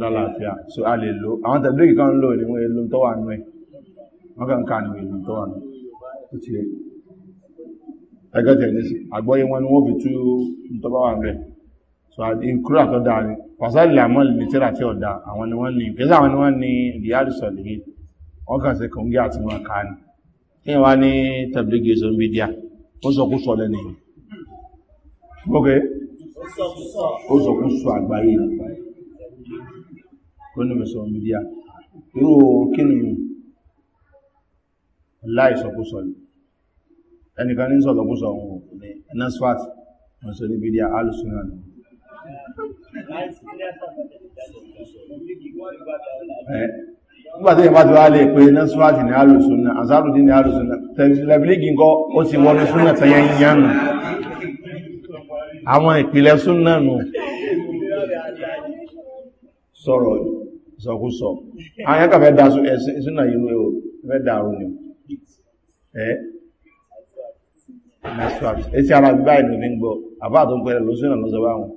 lálàáfíà so a lè lo àwọn tẹ̀blíkì kan lò ní wọ́n èlò tó wà nú ẹ̀ wọ́n kàn ká ní èlò tó wà nú ó ti ẹgbẹ́ tẹ̀lé sí àgbọ́yé wọn ni wọ́n fi tú tó bá wà ń bẹ̀ so ìkúrà tó dáa ni pàṣẹ́lì àmọ́ lìtẹ́rà tí ọ̀dà àwọn ni wọ́n ní kí sáwọn ni wọ́n ní ìdíyàrí sọ̀lẹ̀ yìí wọ́n kàn sí kòǹgí àti wọn ká ní kí wọ́n ní tẹ̀blíkì sọ ń bí díà ó sọ kú sọ lẹ́nu ó sọ kú sọ àgbáyé onímọ̀sọ̀ mídíà irú kínú láìsọkúsọ ẹnìkan ní sọ̀lọ̀kúsọ ohun òkùnrin ẹ̀nà swat ọ̀sọ̀ ní mídíà alùsùnà nù nígbàtí ìbájú wá lè pé ẹ̀nà swat ní alùsùnà azárùdí ní alùsùnà tẹ̀lẹ̀bílígì ńkọ́ ó ti wọnú súnà tẹ̀yẹ yánù àwọn ìpìlẹ̀ súnà nù sọ̀rọ̀ yìí sọkúsọ àwọn ah, yẹ́kà fẹ́ dáa súnà irú ẹ̀wọ̀ fẹ́ dáa rú ni ẹ́ ẹ̀sí ara gbígbà ìlú ní gbọ́ àbá tó ń pẹ̀lẹ̀ ló súnà lọ́sọ bá wọn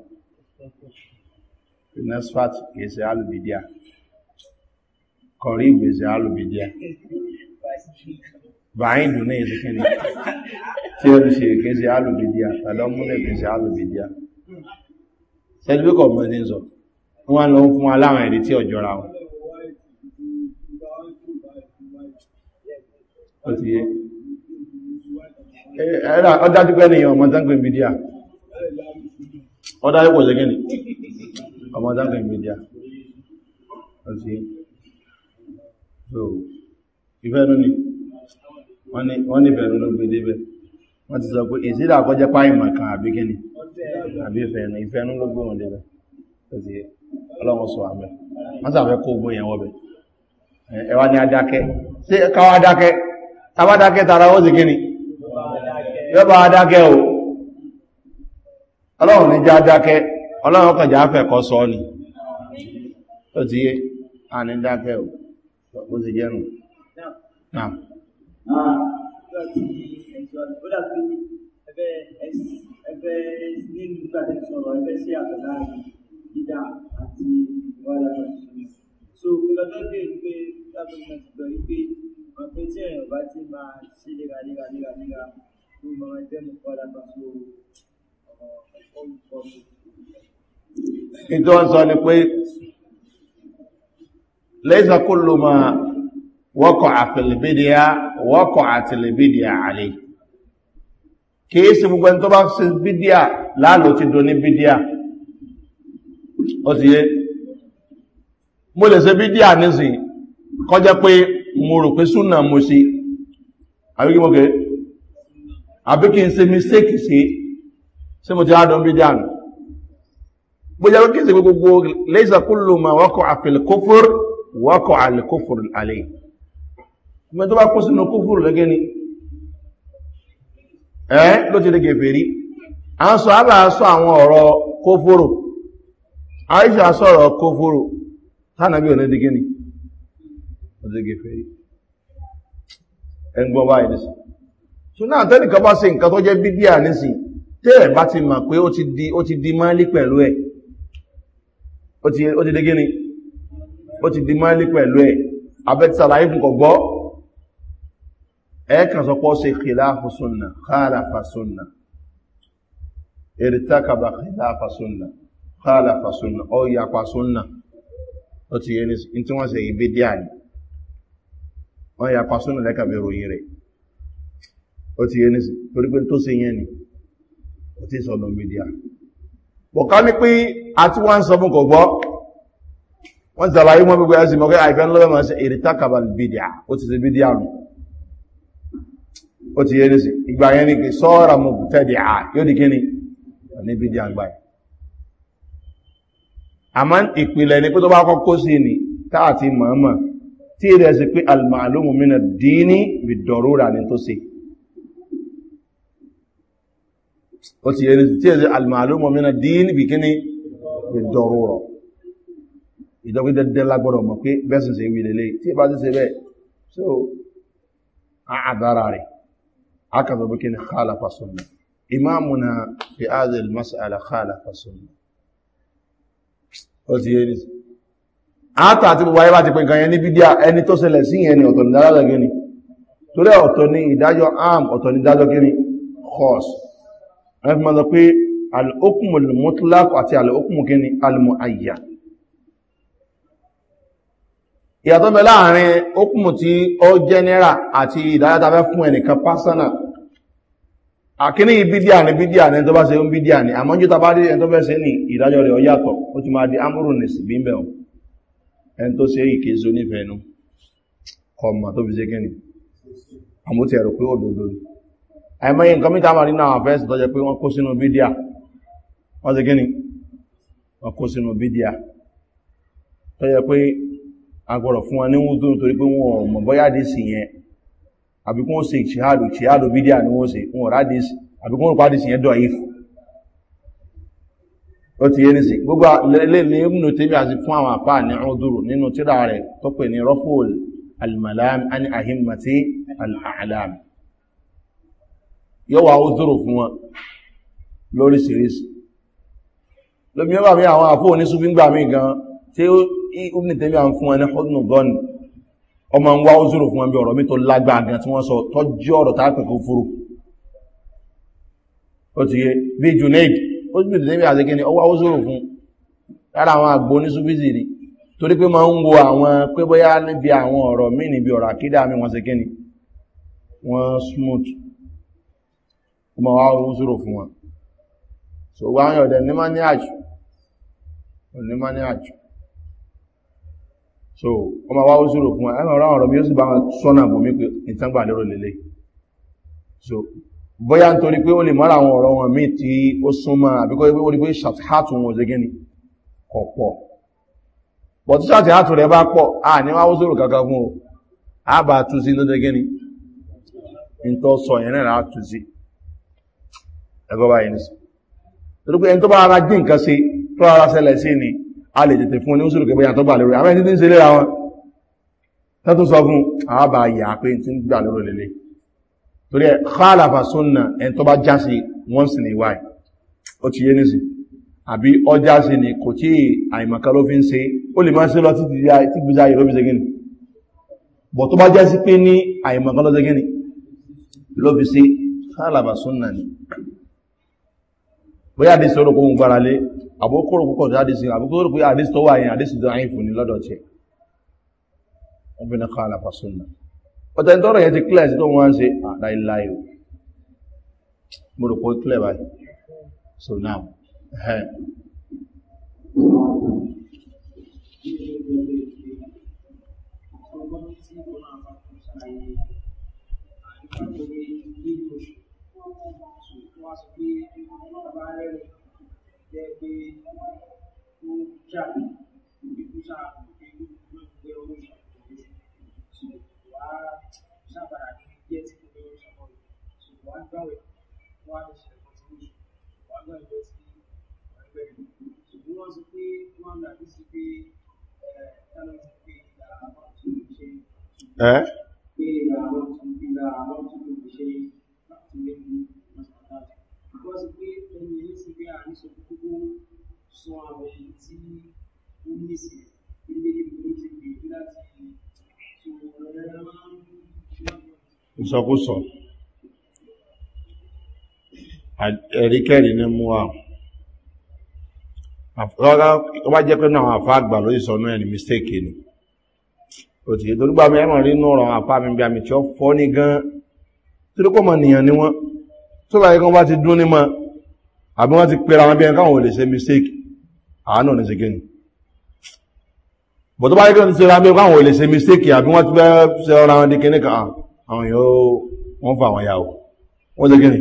nesfat kèsè alubidia kọ̀rí ìgbèsè alubidia bàáyìndù ní ìsìnkìní tí ó ń ṣe kèsè alubidia tàdọ́múnẹ̀ kèsè alubidia sẹ́jú kọ̀ mọ́ ní wọ́n lọ fún aláwọn ẹ̀rí tí ọjọ́ra wọn ó ti yẹ ẹ̀rà ọdájú pẹ́ nìyàn ọmọ dánkù ìbìdíà ọdájú pọ̀ lẹ́gẹ́ni ọmọ dánkù ìbìdíà ó ti yẹ so ìfẹ́nu ni wọ́n ní ìfẹ́nu ló gbé débẹ̀ wọ́n ti sọ pé ìsídà kọjẹ́ páìmọ̀ kan àbí kíni àbí ìfẹ́nu ìfẹ́nu ló gbé ó ti yẹ ọlọ́run sọ àmẹ́ wọ́n sàfẹ́ kó ogun yẹn wọ́bẹ̀ ẹwà ni adákẹ́ sí káwà adákẹ́ tàbá dákẹ́ tàrà ó sì kíni yọba adákẹ́ o ọlọ́run ní já adákẹ́ ọlọ́run kàn já fẹ́ sọ ni ó ti yé a ní dákẹ́ o ó sì jẹ́ nù ẹgbẹ́ ẹgbẹ́ ẹgbẹ́ dídá àti ìwádà so nǹkan tó dé pé lábẹ́sẹ̀ ti gbọ́ pé ọ̀pẹ tí èèyàn bá ti máa ṣe léraléra léraléra ló máa jẹ́ nǹkan lábà so ọ̀pọ̀ nǹkan. Ìjọ ń sọ ni pé ليس كل ما وقع في البدية وقعت البدية عليه كيس مغنطبع في البدية لا لو تدوني بدية ó ti mo lè ṣe bídíà nísìn kọjá pé mo rò pé súnà mo ṣe àbí mo kẹ́ àbí ṣe mistake ṣe ṣe mo ti kí ṣe gbogbo lẹ́sà wọ́kọ̀ àfẹlẹ́kófòr wọ́kọ̀ àlẹ́kófòr àlẹ́ tó bá kó sínú kófòr lẹ́gẹ́ àìṣà sọ̀rọ̀ kófóró tánàbí ò ní di gíní ọdígé fèrí ẹgbọ́n báyìí nìsí so náà tẹ́nìkan bá se nǹkan tó jẹ́ bídíà nìsí tẹ́ẹ̀ bá ti mọ̀ pé ó ti di máàlì pẹ̀lú ẹ̀ ó ti di gíní ó ti di máàlì pẹ̀lú ẹ̀ abẹ́tìsàlá ìfúnkọ̀ gbọ́ ẹ̀ẹ́kàn sọ pọ́ se kìláàfù sunna kààlà fà sunna kìláàfà sunna kọ́lá fàṣúnà ọ ya kwasunna ó ti yẹ ní tí wọ́n ibi díà ní wọ́n yà pàṣúnà lẹ́kà bí ròyìn rẹ̀ ó ti yẹ ní sí torí se yẹn ni ó ti sọ̀nà mídíà bọ̀ ká pé àti sọ fún kò gbọ́ sàlàyé wọn gbogbo ẹ̀sìn mọ́kẹ́ àìfẹ́ lọ́wọ́ máa ṣe èrìtà kàbàl bídíà ó ti se bídíà nù ó ti yẹ ní ìgbà yẹn ni yóò di ní gbà yẹn àmá ìpìlẹ̀ ní pé tó bá kọ́kọ́ sí ni táàtí mọ̀ọ́mọ̀ tí rẹ̀ sí pé alìmọ̀lóhùn mínà dí ní ìdọ̀rúra ní tó se ó ti yẹni tí rẹ̀ sí alìmọ̀lóhùn mínà dí ní bí kíní ìdọ̀rúra ìjọba dẹ́dẹ́ lágbọ́dọ̀ mọ̀ pé bẹ́sìn sí wí lélẹ̀ tí bá ti se bẹ́ẹ̀ so àádára rẹ̀ akàtọ̀ bí kíní khalafa sunna imamuna fi adil mas'ala khalafa sunna ó ti yé ní àátà àti gbogbo ayé bá ti pè nǹkan yẹn ní bídíà ẹni tó ṣẹlẹ̀ sí yẹn ni ọ̀tọ̀ ní dájọ́ gẹ́ni torí ọ̀tọ̀ ní ìdájọ́ arm ọ̀tọ̀ ní dájọ́ gẹ́ni hors wọ́n fi máa sọ pé al'okùnmù mutlaq àti al'okùnmù gẹ́ni almu ayya ìyàtọ̀ bẹ láàrin okùnmù tí ó general àti ìdájọ́ ta fún ẹnìkan personal àkíní ìbídíà ní bídíà ní tó bá se ń bídíà ní àmọ́ jùta bá rí fẹ́ se ní ìdájọ́ rẹ̀ ọyàtọ̀ ó ti máa di amúrùn ní sí bímbẹ̀ ọ̀ ẹni tó se ìké so nífẹ̀ẹ́ nú tó fi se kíni àmú ti ẹ̀rọ pé ó dòdò ní àìmọ́ yìí nǹkan mítà máa rí náà fẹ́ sọ́jọ́ pé wọ́n kó sínú bídíà wọ́n kíni àbí kún ó se ìṣíhádù ìṣíhádù bídíà ni wọ́n se fún ọ̀rádìsì àbí kún òpá dìsì yẹn dọ̀yìn fún ó ti yé nìsí gbogbo lè ní múnú tèmi àti fún àwọn àpá ní ọdúró nínú tíra rẹ̀ tó pè ní rọ́fòl almalam ani ahimmati al'alam yóò wá ọdúró fún wọn lóríṣiríṣi lómi yóò mi àwọn àfóò ní súnfíngbà mi gan tí ó ní tèmi à ń fún wọn ní ọdún gọ́ọ̀nù ọmọ ń wá ó fún wọn ọ̀rọ̀ mi tó lágbàá gan tí wọ́n sọ tọ́jú ọ̀rọ̀ tá fúrú ó ti yé bí junaid ó sì tẹ̀lé àti kíni fún lára àwọn àgbo ní rí torí pé máa ń wo àwọn pé bóyá níbi àwọn ọ̀rọ̀ mí níbi mi wọ́n kíni wọ́n smooth wá fún wọn so wáyọ̀ dẹ̀ ní ní so ọmọ wa ó zúrò fún wa ẹ̀mọ̀ ọ̀rọ̀ ọ̀rọ̀ bí ó sì bá wọn sọ́nà bò mí pé ìtàngbà lérò lélẹ̀ so bóyá nítorí pé ó lè mọ́ra àwọn ọ̀rọ̀ wọn míì tí ó súnmọ́ àbíkọ́ pé ó rí pé ṣàtìhátù wọn ṣe gíní kọ̀ pọ̀ pọ̀ tí ṣàtìhátù rẹ̀ bá pọ̀ à ní wá ó zúrò kankan fún o á a tú sí ló ṣe gíní nítọ́ sọ yẹn náà á tú sí ẹgbẹ́ báyìí nìsí torí pé a lè tètè fún ní ó sùrù kẹgbẹ́ yàtọ́ gbà lórí àwọn ẹni tí ń se léra wọn tẹ́tù sọ fún àábà yà pé tí ń gbà lórí lélẹ̀ torí ẹ̀ kálàfà súnnà ẹni tó bá já sí wọ́n sì ní wáyé ó ti yé nísì àbí ọ já sí se ó lè se lọ títí tí gbèjà yìí ló fi segin bọ̀ tó bá já sí pé bóyá àdé sọ́rọ̀ kó ń gbára lé àbókòrò púpọ̀ tó àdé sí àbókòrò pé àdé tó wà yẹn àdé sì tó àyìn fún ní lọ́dọ̀ tí wọ́n fi ní ká àlàfà súnmọ̀ ọ̀tẹ̀ ń tọ́rọ̀ yẹn ti clear sí tó wọ́n ń ṣe àdáìláì ah, o mo rò pé clear báyìí so now Thank you wọ́n sọ pé bàbá rẹ̀ jẹ́ pé ó jáde níbi tó ṣáàbù pé ó ń gbé owó ìṣàkóso wà á ṣàbàrà ní díẹ̀ tí kò gbé owó ìṣàkóso so wà á gbàwẹ̀ wọ́n á lọ ṣe ẹ̀kọ́ tó lóṣù wà á gbàwẹ̀ lọ sí ẹgbẹ́ rẹ̀ ṣùgbọ́n wọ́n sọ pé wọ́n gbà bí sí pé tálọ́ ti pé ìlà àwọn tó ń ṣe pé ìlà àwọn tó ń ṣe láti lé wọ́n ti pé ẹni yìí ti rí àárín sọ kókó sọ àwọn èyí tí ó ní sí ilé ìlú ti gbìyànjú láti so ọ̀rẹ́ máa ń ìsọkúsọ ẹ̀ríkẹ́rì ní mú wa ọ bá jẹ́ pé náà àfá àgbà lórí sọ náà ni mistake ni o ti tó nígbà mẹ́rin rí nù ọ̀rọ̀ àfá mi bí àmì tí ó fọ́ ní gan-an tí ó kọ́ mọ̀ nìyàn ni wọ́n tó bá yẹ kí wọ́n bá ti dún ní mọ́ àbí wọ́n ti pera wọn bí káwọn ò ṣe mistake àánú ní ṣègbè ni bọ̀tọ́ bá yẹ kí wọ́n ti ṣe ra káwọn ò ṣe mistake àbí wọ́n ti fẹ́ ṣe ọ̀rọ̀ àwọn dikẹ́ ní kàn àwọn yóò wọ́n fa àwọn yàwó wọ́n ṣe gíní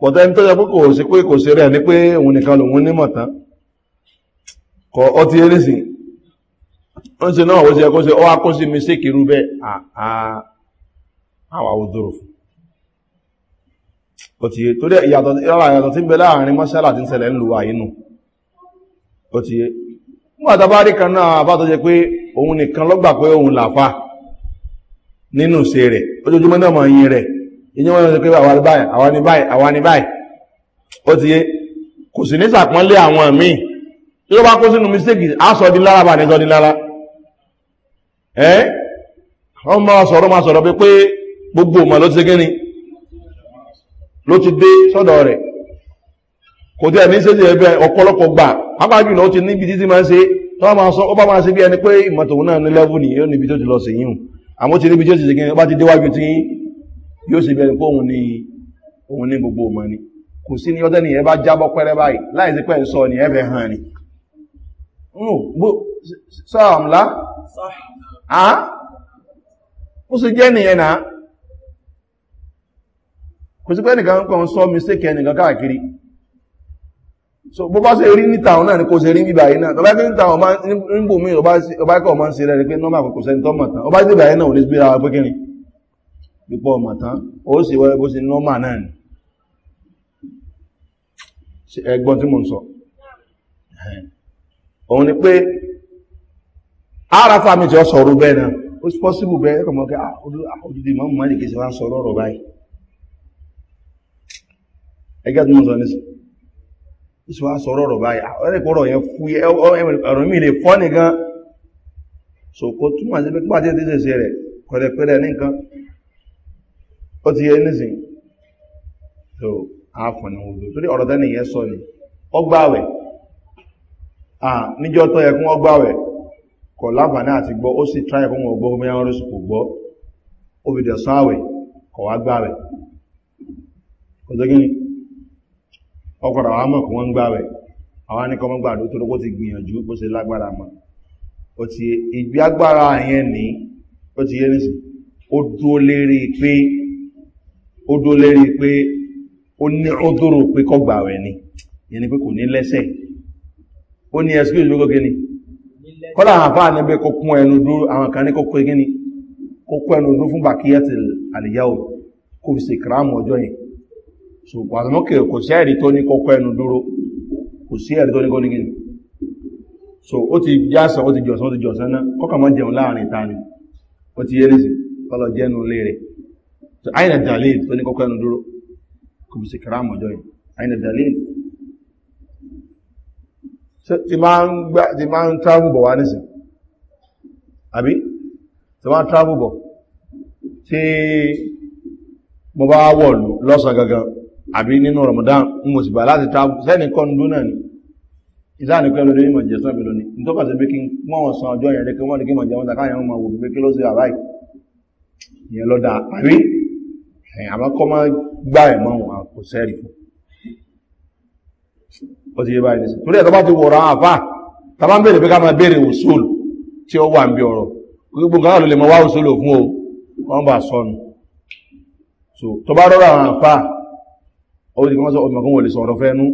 bọ̀tọ́ ẹni tó yẹ pé kò sí pé kò sí rẹ̀ ni pé òun nìkan lòun nímọ̀ tán kọ ọtí eréṣin ó ń ṣe náà ó ṣe ẹkọ́ ṣe ọ akọ́ṣe mistake irú bẹ́ẹ̀ àwọn ah, ah, àwòdòrò fún ọtí torí ìyàtọ̀ ìyàtọ̀ tí ń bẹ láàrin mọ́ṣálà tí ń sẹlẹ̀ ń lu àyínú ọtí yé a bá rí kan náà bá tó jẹ pé òun nìkan lọ́gbà pé òun làfà nínú ṣe rẹ̀ ojoojúmọ́ náà mọ̀ yin rẹ̀ ìyẹn wọn sọ pé àwa báyìí àwa ni báyìí àwa ni báyìí ọtí yé kò sì ní sàpọ́nlé gbogbo ló ti dé sọ́dọ̀ rẹ̀ kò tí ẹ̀mí sẹ́sẹ̀ ẹ̀bẹ̀ ọ̀pọ̀lọpọ̀ gbà pápájùlọ ó ti níbi títí máa ń tó máa sọ ó bá máa se bí ẹni pé ìmọ̀tò náà ní lẹ́fù ní yóò níbi tó ti lọ sí yíhùn àmó ti níbi tí ó ti sìnkí bá ti déwájú tí yóò sì bẹ̀rẹ̀ pé òun ni òun ní gbogbo ọmọ ni kò sí ní ọdẹ nìyẹn bá jábọ́ pẹ́rẹ́ báyìí láì sí pẹ́ sọ hàn ni kò sí pé nìkan kan mistake ẹnìkan káàkiri so bó bá ṣe rí níta ọ̀nà ni kò ṣe rí bíbà yìí náà tọ́bá kí níta ọ̀ma nígbò mí ọba ikọ̀ ọ̀ma ń ṣe rẹ̀ ni pé nọ́mbà kò sẹ́ni tọ́ mọ̀ ọba ṣe náà ò pé ó sì wọ́n bó náà ni ẹgbọ́n tí mo sọ òun ni pé ara ah, ẹgẹ́ tó mọ́ sọ ní ìṣòwà sọ̀rọ̀ ọ̀rọ̀ báyìí ọ̀rẹ́kọ̀ọ́rọ̀ yẹn fú ẹ̀rùn lè fọ́ nìkan so kó so ni níjọ́ tó yẹ kún ọgbàwẹ̀ kọ̀ láǹfààní àti gbọ́ ó sì tráyẹ̀ fún ọgbọ́ omi àwọn orísun gbọ́ ó fi kọ̀ tó ọkọ̀rọ̀ àwọn mọ̀ kún wọ́n ń gbà rẹ̀ àwọn anìkan mọ́ gbàdó tó lókó ti gbìyànjú bó ṣe lágbára mọ́ ó ti ìgbé agbára yẹn ní ó ti yé nísìn ó dúó lérí pé ó ní ó pé kọ́gbà rẹ̀ ni yẹn ni pé kò ní lẹ́sẹ̀ ó ní excuse lókó kí ni kọ́lá àwọn afáà ní pé kó kún ẹnu dúró àwọn kan ní kó kún kí ni kó kún ẹnu dúró fún bàkíyà ti àlìyáwó kó fi ṣe kìrámù ọjọ́ yẹn ṣùgbọ́n àtàmọ́kè kò sí ẹ̀rí tó ní kọ́kọ́ ẹnu dúró kò sí ẹ̀rí tó ní kọ́ní so ó ti jásán ó ti jọ̀sán ó ti jọ̀sán náà kọ́kà mọ́ jẹun láàrin ta ó ti yé nìsí tọ́lọ jẹ́nu lé so àìnà dalil tó ní kọ́kọ́ ẹnu dúró kò sí kìrá àmọ́jọ́ yìí àìnà travel bọ̀ wá nìsí àbí travel bọ̀ tí mo bá wọ̀ lọ́sàn gangan àbí nínú ramadan mo sì bá láti travel sẹ́ni kọ́ ń dún náà ni ìsáàní pẹ́ lórí ìmọ̀ jẹ̀sán mi lónìí ní tó bá ti pé kí wọ́n san ọjọ́ yẹn lẹ́kẹ́ wọ́n ní kí wọ́n jẹun tàkà yẹn máa wò pé kí ló ṣe àbáyé ìyẹn lọ́dà àrí àmọ́ kọ́ máa gbá ẹ̀ mọ́ wọn kò sẹ́rì fún ó ti yé báyìí nísìn torí ẹ̀ tó bá ti wọ̀rọ̀ àwọn àfà tá bá ń béèrè pé ká máa béèrè òṣòl tí ó wà ń bí ọ̀rọ̀ gbogbo nǹkan ló lè mọ wá òṣòl fún o wọ́n bá sọnù tó bá rọrọ̀ àwọn àfà ó ti kọ́ sọ ọmọ kan wò lè sọ̀rọ̀ fẹ́nu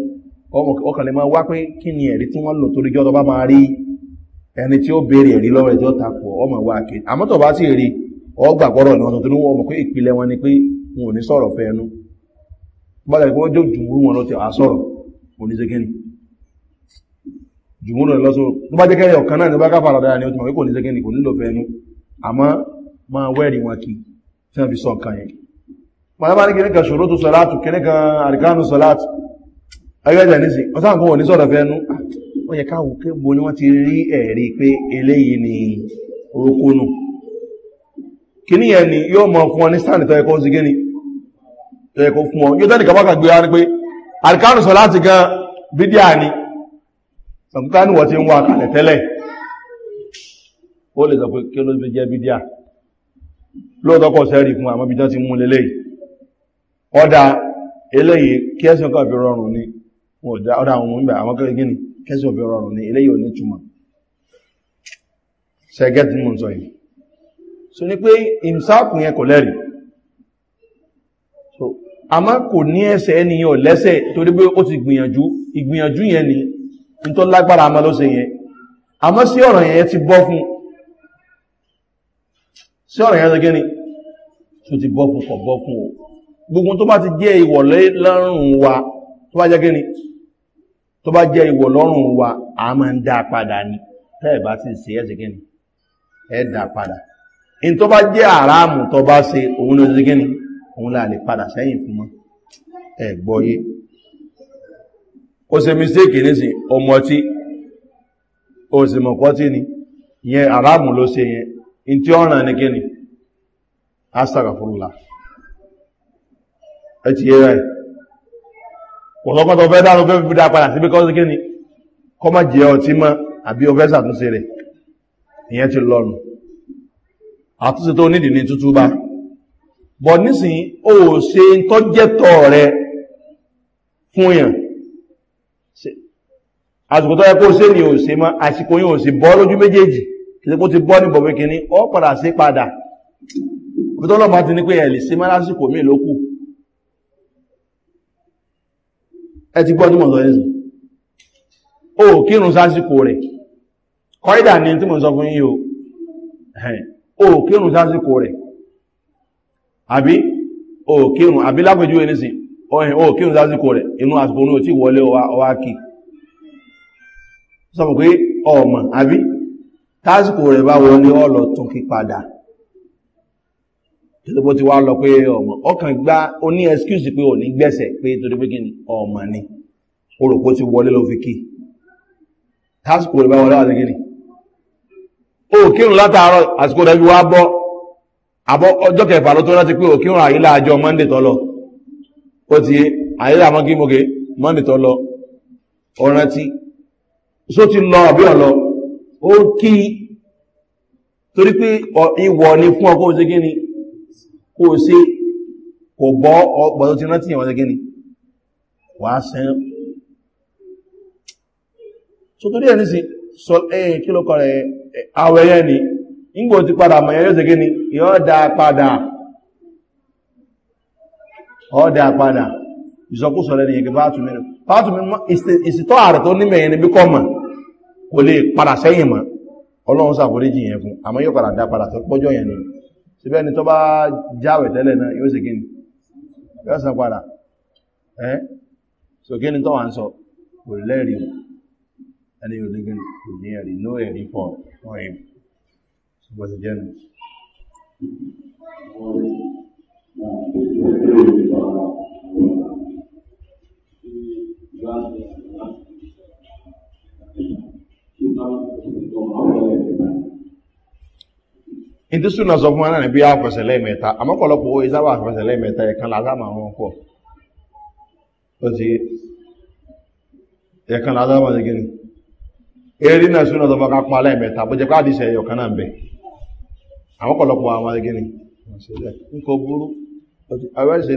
ọkàn lè máa wá pé kí ni ẹ̀rí tí wọ́n lò torí jọ́ tọba máa rí ẹni tí ó pụọ ẹ̀rí lọ́wọ́ ẹ̀jọ́ tapọ̀ ọmọ wa kì í àmọ́ tọba sì rí ọgbà gbọ́rọ̀ ni wọ́n tó ní wọ́n mọ̀ pé ìpìlẹ̀ wọn ni pé wọn ò ní sọ̀rọ̀ bọ́lá ìpínlẹ̀ jọ jùmúrú wọn ma bá ní kí ní kan ṣòro tó sọ́látù kí ní kan àríkánù sọ́látù ẹgbẹ́jẹ̀ nísì wọ́n sáà kọ́wọ̀ ní sọ́rọ̀ fẹ́nu wọ́n yẹ káwò pé bo ni wọ́n ti rí ẹ̀rí pé eléyìí ni orókónù kí ní yẹn ni yóò mọ fún ọ ní sáà nìtọ́ ẹ̀kọ́ sígé ni ẹ̀kọ́ fún ọ yóò tẹ́ nìkan wákà gbé wá pé àríkánù sọ́látù gan bídíà ni sàkúkà ní wọ́n ti ń wá kalẹ̀ tẹ́lẹ̀ ó lè sọ pé kí ló fi jẹ́ bídíà lóòótọ́ kọ̀ sẹ́rì fún àmọ́ bí ti mú lélẹ́yìí ọ̀dá eléyìí kí ẹ̀sùn kan fi rọrùn ní ọ̀dá àwọn mú àwọn kẹ́lẹ̀ gíní kẹ́sùn fi rọrùn ní eléyìí ò ní túnmọ̀ ṣẹgẹ́tì sọ yìí so ní pé ìmsáàkùn yẹn kò lẹ́rì so a má kò ní ẹsẹ̀ ẹniyàn lẹ́sẹ̀ torí pé ó ti gbìyànjú ìgbìyànjú yẹn ni n tó lágbára ama ló se yẹn àmọ́ sí ọ̀rọ̀ yẹn ti bọ́ fún sí ọ̀rọ̀ yẹn tó gẹ́ni tó ti bọ́ fún kọ̀ bọ́ fún o gbogbo tó bá ti jẹ́ ìwọ̀ lọ́rùn wa tó bá jẹ́ gẹ́ni tó bá jẹ́ ìwọ̀ lọ́rùn wa a máa ń dá padà ní tẹ́ẹ̀bá ti ṣe ẹ́sì gẹ́ni ẹ́dà padà in tó bá jẹ́ àráàmù tó bá ṣe òun ló ṣe gẹ́ni òun láà lè padà sẹ́yìn fún mọ́ ẹ̀gbọ́yé ó ṣe mistake nísìn ọmọ tí ó sì mọ̀kọ́ tí ni ìyẹn àráàmù ló ṣe yẹn in tí ọ̀ràn ní gẹ́ni astagfirullah ẹ ti yé rẹ̀ kò sọ́kọ́ tó fẹ́ dáhùn fẹ́ fi dá padà síbi kọ́ sí ni kọ́ má jẹ ọtí mọ́ àbí ọfẹ́ ṣàtúnṣe rẹ̀ ìyẹn ti lọ́nu àtúnṣe tó nídìí ní tútú bá bọ̀ nísìnyí o ò ṣe tọ́jẹ́tọ̀ rẹ fún yàn àsìkò tó yẹ kó ṣe ni ò ṣe mọ́ àsìkò yóò ṣe bọ́ lójú méjèèjì kìí kó ti bọ́ ní bọ̀wé kìíní ọ padà sí padà òbítọ́lọ́pàá ti ní pé ẹ̀ lè ṣe mọ́ lásìkò míì lókù ẹ ti gbọ́ tí mọ̀ sọ ẹ̀sùn o kírun sásìkò rẹ̀ kọ́ìdà ní tí mọ̀ sọ fún yíò o kírun sásìkò rẹ̀ àbí o kírun àbí lápẹjú ẹnìsì ọ̀hìn o kírun sásìkò rẹ̀ inú àsìkò ní òtí wọlé ọwá kí sọ pé ọmọ ìṣòro ti wá lọ pé ọmọ ọkàn gbá ó ní excuse pé ò ní gbẹ̀sẹ̀ pé torí pé kí ni ọmọ ni ó rò pó ti wọlé ló fi kí tásìkò rẹ̀ bá wọlé wà lẹ́gẹ́ni o kírun látàárọ̀ àsìkò rẹ̀ fi wá bọ́ àbọ̀ ọjọ́ kẹfà ló tó rántí pé ó kírun àyílá àjọ monday tó lọ ó ti àyílá mọ́gímọ́gé monday tó lọ ó rántí só ti lọ àbí ọ̀lọ́ ó kí torí pé ìwọ̀ ni fún ọkọ̀ òṣèkí ni kó o ṣe kò bọ́ ọgbọ̀ tó ti rántí ẹ̀wọ̀n ṣe gíní wà sẹ́n so tó díẹ̀ nísì sọ ẹ̀yìn kí ló kọ̀rẹ̀ awẹ́yẹ ni ìgbò ti padà mọ̀yẹ yóò ṣe gíní yóò dá padà ọ́ dá padà ìsọkúsọ rẹ̀ nìyẹn bá tún mẹ́rin bá tún ìsìtọ́ ààrẹ tó nímẹ̀ yẹn ni bí kọ́ mọ̀ kò lè padà sẹ́yìn mọ̀ ọlọ́run sàforíjì yẹn fún àmọ́ yóò padà dá padà tó pọ́jọ́ yẹn ni. síbẹ̀ ni tó bá jáwẹ̀ tẹ́lẹ̀ náà yóò sì kí ni yóò sàn padà ẹ́ so kí ni tó wà ń sọ kò lẹ́rìí o ẹni yóò ní gẹ́ni kò ní ẹ̀rí no ẹ̀rí pọ̀ fún ẹ̀ ṣùgbọ́n ti jẹ́ nu. Thank you. ìdí súnà sọ fún wa náà ní bí àfẹsẹ̀ lẹ́ẹ̀mẹ́ta àmọ́ pọ̀lọpọ̀ owó ìsábà àfẹsẹ̀ lẹ́ẹ̀mẹ́ta ẹ̀kan lásámà wọn pọ̀ gịnị eri na lásámà ti gíní eré náà súnà sọ fún wa lẹ́ẹ̀mẹ́ta bó jẹ́ pé àdìsẹ̀ ẹ̀yọ̀kan náà bẹ̀ àmọ́ pọ̀lọpọ̀ emeta ti gíní nǹkan burú àfẹsẹ̀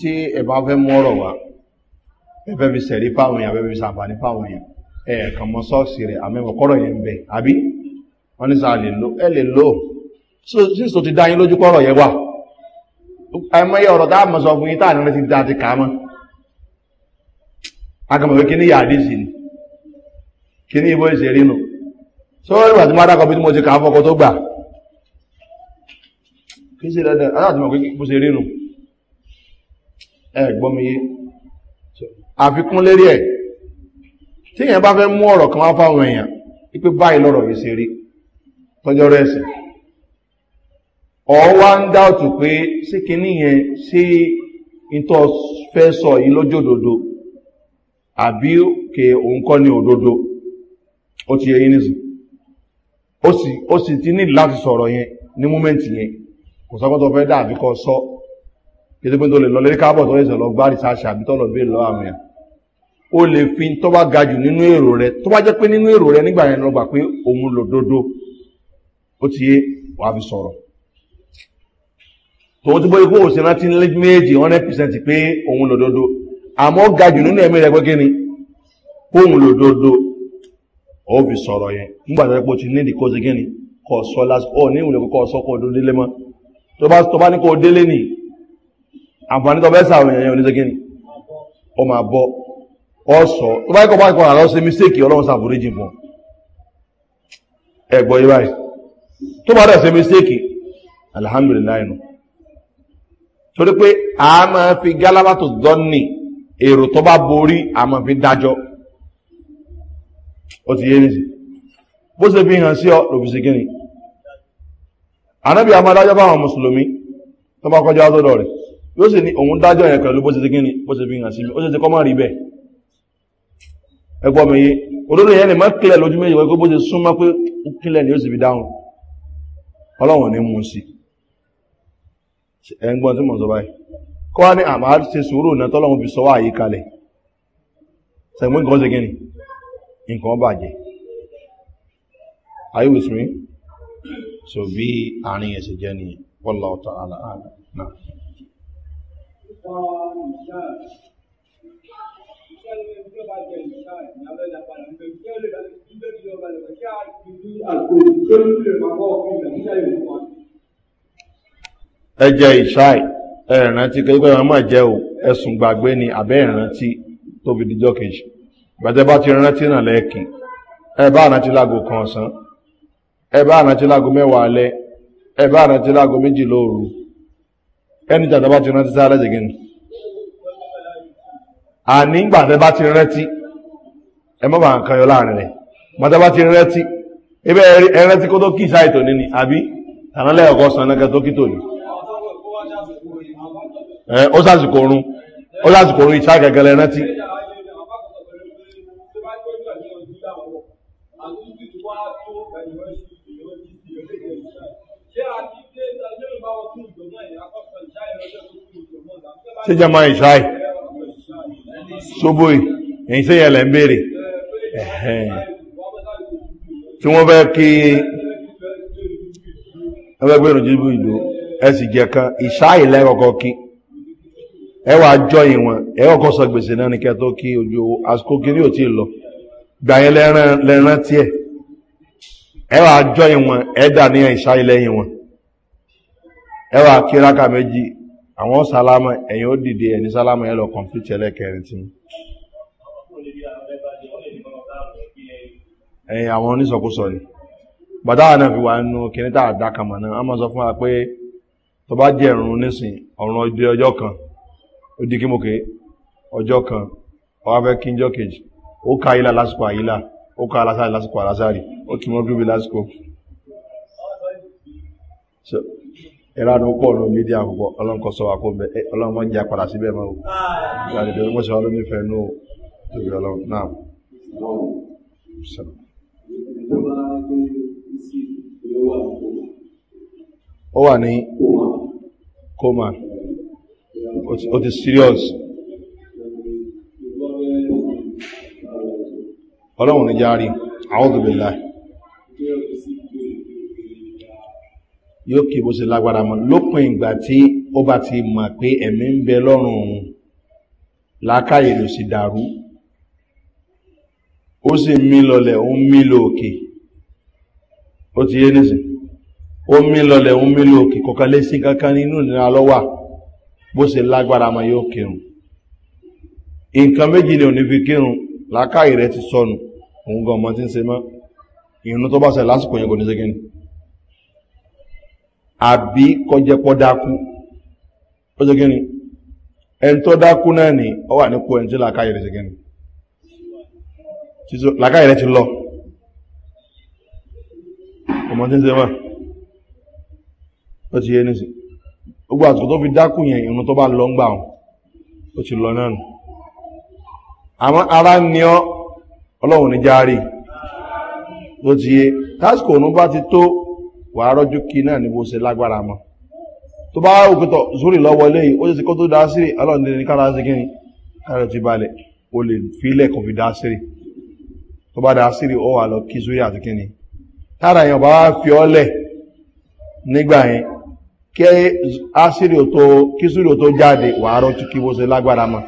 tí ẹ̀bá fẹ́ mọ́rọ̀ wá ẹ̀fẹ́ fi sẹ̀rí fáwọn èèyàn ẹ̀fẹ́ fi sàǹfàní fáwọn èèyàn ẹ̀ẹ̀kan mọ́ sọ́ọ̀sì rẹ̀ àmẹ́wọ̀ kọ́rọ̀ yẹn bẹ̀ àbí wọ́n ní sáà ẹ lè lò síso ti dá yín lójú kọ́rọ̀ yẹn wà ẹmọye ọ̀rọ̀ tá a mọ̀ sọ fún yín tá àná ti da ti kà á mọ́ agamọ̀ pé kíní yà á dé sí ni kíní ibo ìṣeré nù sọ́wọ́n ìgbà tí mo dákọ̀ bí mo ti kà á fọkọ tó gbà kí sí dandan aláàtìmọ̀ pé bó ṣe rínú ẹgbọ́mìyé àfikún lérí ẹ̀ tí èyàn bá fẹ́ mú ọ̀rọ̀ kan wá fáwọn èèyàn ipé báyìí lọ́rọ̀ yìí ṣe rí tọ́jọ́ rẹ̀ sí ọ̀wá ń dáòtù pé sí kìíní yẹn sí ìtọ́ fẹ́ sọ yìí lójódodo àbí kè òun kọ́ ní òdodo ó ti yẹ yín nísìn ó sì ti ní láti sọ̀rọ̀ yẹn ní múmẹ́ǹtì yẹn kò sọ́kọ́tọ̀ fẹ́ a kọ sọ kété pé tó lè lọ lórí káàbọ̀ tó ẹ̀sẹ̀ lọ gbá rìsáṣà àbí tọ́lọ̀ bí lọ àmì o lè fi tó bá ga jù nínú èrò rẹ tó bá jẹ́ pé nínú èrò rẹ nígbà yẹn ti yé wàá fi sọ̀rọ̀ ti o sì rántí méjì hundred percent pé òun lò dodo àmọ́ ga jù nínú ẹ̀mí rẹ pé òun lò dodo ó fi o ti ní ìdíkọ́ ni kọ̀ tó bá tó bá ní kó délé ni àǹfààní tó bẹ́ sàwọn èèyàn oníṣẹ́gẹ́ni ó máa bọ́ ọ́sọ̀ tó bá kọ́ bá kọ́ àlọ́ sí mistake ọlọ́run sàforíjì fún ẹgbọ́ yìí báyìí tó bá dẹ̀ sí mistake alhamdulilayi nù torí pé a máa fi gálábà tó dọ́nì èrò tó borí a máa fi dájọ́ ó ti yé nìyí bó ṣe fi hàn sí ọ lòfin sí kíni ànábì àmọ́ adájọ́ bá àwọn mùsùlùmí tó bá kọjá tó dọ̀rẹ̀ yóò sì ní òun dájọ́ yẹn pẹ̀lú bó ti ti kíni bó ti fi hàn sí mi ó sì ti kọ́ mọ́ rí bẹ́ẹ̀ ẹgbọ́ mi yé òdodo yẹn ni má kílẹ̀ lójú méjì wọ́n bó ti súnmọ́ pé kílẹ̀ ni ó sì fi dáhùn ọlọ́wọ̀n ní mú sí ẹgbọ́n tí mo sọ báyìí kọ́ wá ní àmà ṣe sùúrù náà tọ́lọ́wọ́n fi sọ wá àyè kalẹ̀ sẹ́gbọ́n are you with me? So we earning as a journey. Wallahu ta'ala a'lam. Nah. ẹ jẹ ìṣáì ẹ rántí kẹgbẹ́ wọn máa jẹ́ o gbàgbé ni àbẹ́ ìrántí tó fi kejì ti rántí náà lẹ́ẹ̀kì ẹ bá kan ọsán ẹbá àrántí lágo mẹ́wàá alẹ́ ẹbá àrántí lágo méjì lóòrù ẹni tàbí bá ti rántí sí alẹ́ jẹ́gẹ́ni àní ń gbàtẹ́ bá ti rántí ẹ mọ́ bá ń kan yọ láàrin rẹ̀ gbàtẹ́ bá ti rántí ebe ẹrántí kó tó kí ìsáìtò ní ni àbí tàná lẹ́ẹ̀kọ́ san náà tó kí tò ní ó sàsìkò orun ó sàsìkò orun ìṣá gẹ́gẹ́ lẹ́rántí Thank you. ṣé jama ìṣáì ṣóbóì èyí ṣe yẹlẹ̀ ń béèrè tí wọ́n fẹ́ kí ẹgbẹ́gbẹ́ ìrìnjú ìlú ẹ sì jẹ kan ìṣáì lẹ́kọ̀ọ́kọ́ kí ẹ wà jọ ìwọ̀n ẹ kọ́kọ́ sọ gbèsè náà ní kẹtọ́ kí ojú àsìkò kiri ò tí ì lọ gbà yẹn lẹ́rán tiẹ̀ ẹ wà jọ ìwọ̀n ẹ dà ní ìṣáì lẹ́yìn wọn ẹ wà kí ráka méjì àwọn sálámà ẹ̀yìn ó dìde ẹni sálámà ẹ lọ kọ̀m̀pútì ẹlẹ́kẹrin tí ẹ̀yìn àwọn onísọkúsọ ni gbàdáwà náà fi wà nínú kìíní tá àdákàmà náà a máa sọ fún wa pé tó bá jẹ́ ẹ̀rùn nísìn ọ̀rùn ọdẹ ọjọ́ kan ó di kí mo ké ọjọ́ kan ọwá fẹ́ kí njọ́ kejì ó ka ilá lásìkò àyílá ó ka alásàrí lásìkò alásàrí ó kì mọ́ bíbí lásìkò ẹ̀rọ àdúgbò ọ̀nà mídí àkùkọ ọlọ́nkọ sọ wà kó bẹ ọlọ́mọ padà síbẹ̀ mọ́ ìgbàlódé ọmọ sọ ọlọ́mọ ìfẹ́ nù tóbi ọlọ́mọ náà. ó wà ní coma ó ti ọlọ́run ní járí àwọn òbí láì. yóò kí bó ṣe lágbára lópin ìgbà tí ó bá ti mọ̀ pé ẹ̀mí ń bẹ lọ́rùn òun lákàyè ló sì dàrú ó sì mí lọlẹ̀ ó òkè ó ti yé nísìn ó mí ó ń òkè sí kankan nínú ìnira lọ́wà bó ṣe lágbára mọ́ yóò kírun nǹkan méjì ni òní fi kírun lákàyè rẹ ti sọnù òun gan ọmọ ń àbí kọjẹpọ̀ dákú ó ṣe gíní ẹni tó dákú náà ni ọ wà nípò ẹni tí làákàyè rẹ̀ ṣe gíní làákàyè rẹ̀ ti lọ ọmọ tí ń ṣe máa ó ti yé ní sí gbogbo àtúkò tó fi dákú yẹn ìrún tó bá lọ ń gbà wọn ó ti lọ náà nù àmọ́ ara ni ọ ọlọ́run ní járe ó ti yé tásìkò òun bá ti tó wà á rọ́jú kí náà ní bó ṣe lágbára mọ́ tó bá òkútọ̀ zúrì lọ́wọ́ léyìí ó sì kó tó dá sí kára sí kára ti balẹ̀ o lè fílẹ̀ kò fi dá sírì tó bá dá sírì ó wà lọ kí zúrì àti kíni tára èèyàn bá fi nígbà yẹn kí tó jáde wà á kí bó ṣe lágbára mọ́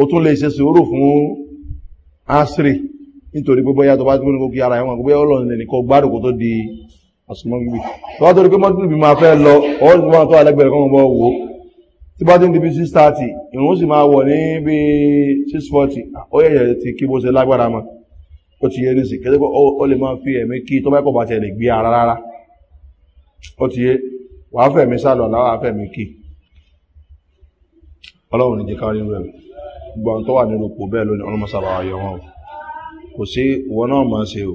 o tún lè ṣe sùúrù fún nítorí pé bóyá tó bá tó àsùmọ́gbì wọ́n tó rí pé mọ́tìlùbí máa fẹ́ lọ ọwọ́ ìgbìmọ̀ àwọn tó alẹ́gbẹ̀ẹ́ kan bọ́ wò tí bá ti ń di bí 630 ìrún sì máa wọ̀ ní bí 640 ó yẹ̀yẹ̀ ti kí bó ṣe lágbára mọ́ ó ti yé nísì kẹ́sẹ́ ó lè máa fi ẹ̀mí kí tó mẹ́kọ̀ọ́ bá tiẹ̀ lè gbé ara rárá ó ti yé wàá fẹ̀mí sálọ̀ láwàá fẹ̀mí kí ọlọ́run ní jẹ́ ká rí rẹ̀ gbọ́n tó wà nínú ipò bẹ́ẹ̀ lónìí ọlọ́mọ sábà wà yọ wọn kò sí ìwọ náà máa ṣe o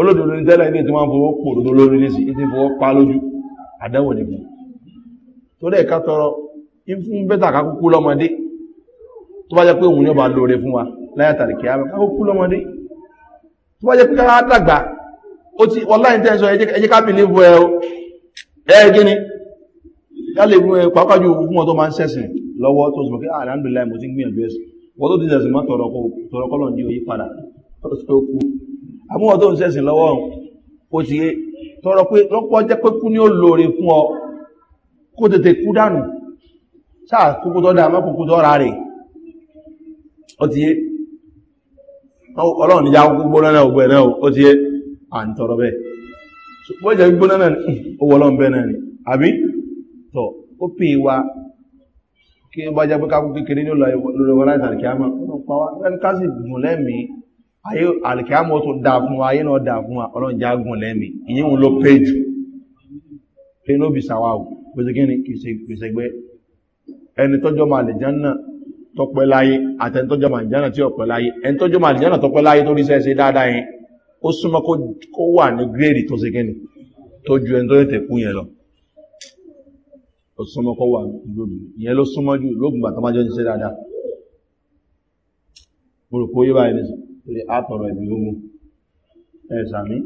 olódodo ní tẹ́lẹ̀ ilé tí wọ́n fowó pò dodo lórí lẹ́sì ìdí fowó pa lójú àdẹ́wò nìbò tó dẹ̀ ká tọrọ ìfún bẹ́tà kákúkú lọ́mọdé tó bá jẹ́ pé òun yóò bá lóore fún wa láyàtàrí kí á kákúkú lọ́mọdé tó bá jẹ́ pé ká dàgbà ó ti ọláyé tẹ́ sọ ẹjẹ́ ká bìlí fún ẹ o ẹ gíní ká lè fún ẹ pàápàá ju fún ọ tó máa ń sẹ́sìn lọ́wọ́ tó sọ pé ah, àdáńdùlá tó ti àmúwọ̀ tó ń sẹ́sìn lọ́wọ́ kò sí tọrọ pé lọ́pọ̀ jẹ́ pé kú ní ó lóore fún ọ kó tètè kú dànù sáà kúkú tọ́ dáa mọ́kúkú tọ́ ra rẹ̀ ó ti yé ọlọ́run níjà kúkú gbóná náà ògbó ẹ̀ náà ó ti yé à ń kí ó bá jẹ́ pé kákú kékeré ní ó láìsàn kí á mọ̀ ó pa wá ká sì gùn lẹ́mìí ayé alìkíámọ́ tó dáa fún wa ayé náà dáa fún wa ọlọ́njá gùn lẹ́mì ìyí wọn ló pé jù pé ní òbí sàwáwò pèsè kí ni pèsè gbé ẹni tọ́jọ́ ma lè jánà tọ́pẹ́ láyé àtẹni tọ́jọ́ ma lè jánà tí ọ̀pẹ́ láyé ẹni tọ́jọ́ ma lè jánà tọ́pẹ́ láyé tó rí sẹ́ẹ̀sẹ̀ dáadáa yẹn ó súnmọ́ torí àtọ̀rọ̀ ẹ̀mí ogun ẹ̀sàmí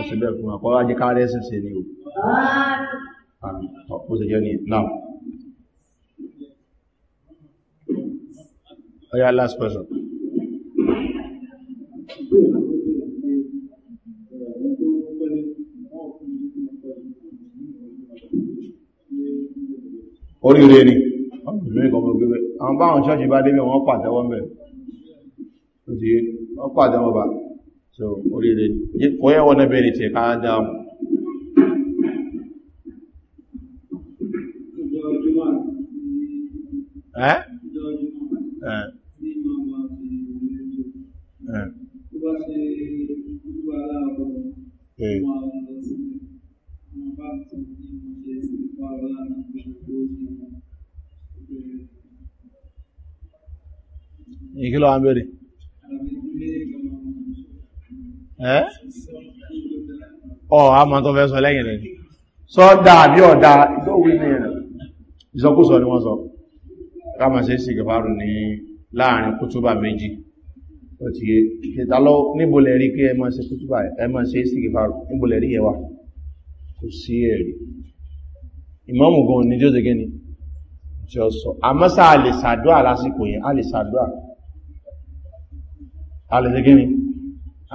ọ̀sẹ̀bẹ̀ fún àkọ́lá jẹ́ káàrẹ́ ẹ̀sìn sí ni o ó sì jẹ́ ní now ọya last person oríire ni ọmọ ìgbìmọ̀ ìgbìmọ̀ àwọn báwọn ṣọ́ọ̀ṣì bá débẹ̀ wọ́n pàtẹ́wọ́ mẹ́rin tó ti wọ́n kọ́ àdáwọ̀ bá so oríire kò yẹ́ wọ́n bẹ̀rẹ̀ tí ká dáhùn ẹ́ àmì ẹ́ ọ̀ a máa tó fẹ́ sọ lẹ́yìn rẹ̀ sọ dáa bí ọ̀dá ìtòwé ní rẹ̀ ìsọkúsọ ni wọ́n sọ káàmà sí sí gẹ̀fàrù ní láàrin kútúbà méjì ó ti yé ìtàlọ́ níbolẹ̀ rí kí ẹ máa sí kútúbà ẹ máa sí sí gẹ̀fàrù níbolẹ̀ rí ẹwà kò sí ẹ̀rí ìmọ́mù gan ní jọ́jẹ́ gẹ́ni tí ó sọ àmọ́sà a lè sàdúà lásìkò yẹn a lè sàdúà a lè jẹ́ gẹ́ni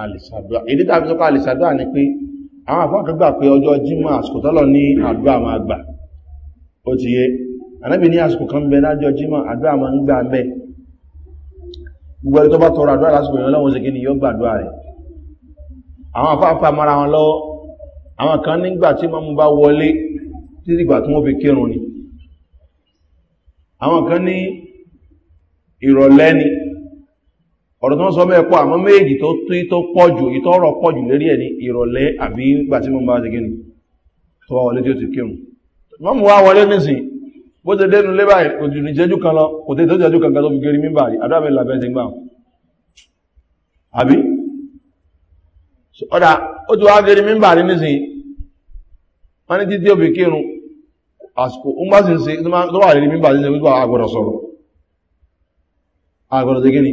alìsàdúà ìdí tàbí sọ́kọ́ alìsàdúà ni pé àwọn àfọ́nkà gbà pé ọjọ́ jímọ̀ àsìkò tọ́lọ ní àdúà máa gbà ó ti yé anábì ní àsìkò kan bẹ lájọ́ jímọ̀ àdúà máa ń gbà mẹ́ gbogbo ẹni tó bá tọrọ àdúà lásìkò yẹn lọ́wọ́ ṣègbè ni yóò gbàdúà rẹ̀ àwọn afáfá mara wọn lọ́wọ́ àwọn kan nígbà tí mọ́mú bá wọlé títí ìgbà tí wọ́n fi kírun ni àwọn kan ní ìrọ̀lẹ́ ni ọ̀rọ̀ tó ń sọ mẹ́ẹ̀kọ́ àmọ́ méjì tó tí tó pọ̀jù ìtọ́rọ̀ pọ̀jù lérí ẹ̀ ní ìrọ̀lẹ́ àbí nígbà tí mo bá ti gẹ́ni tó wá wọlé tí ó ti kírun wọ́n mú wá wọlé nísìn bó ti dénú lé báyìí kò jù ní jẹ́jú kan lọ kò tẹ́ tó jẹ́jú kan kan tó fi gẹ́rí mímbà rí àdúrà mẹ́lá bẹ́ẹ̀ ti gbà àbí ọ̀dà ó ti wá gẹ́rí mímbà rí nísìn wọ́n ní títí òbí kírun àsìkò ó má sì ń se tó wà lérí mímbà sí ṣe wípé àgbọ̀dọ̀ sọ̀rọ̀ àgbọ̀dọ̀ sí gẹ́ni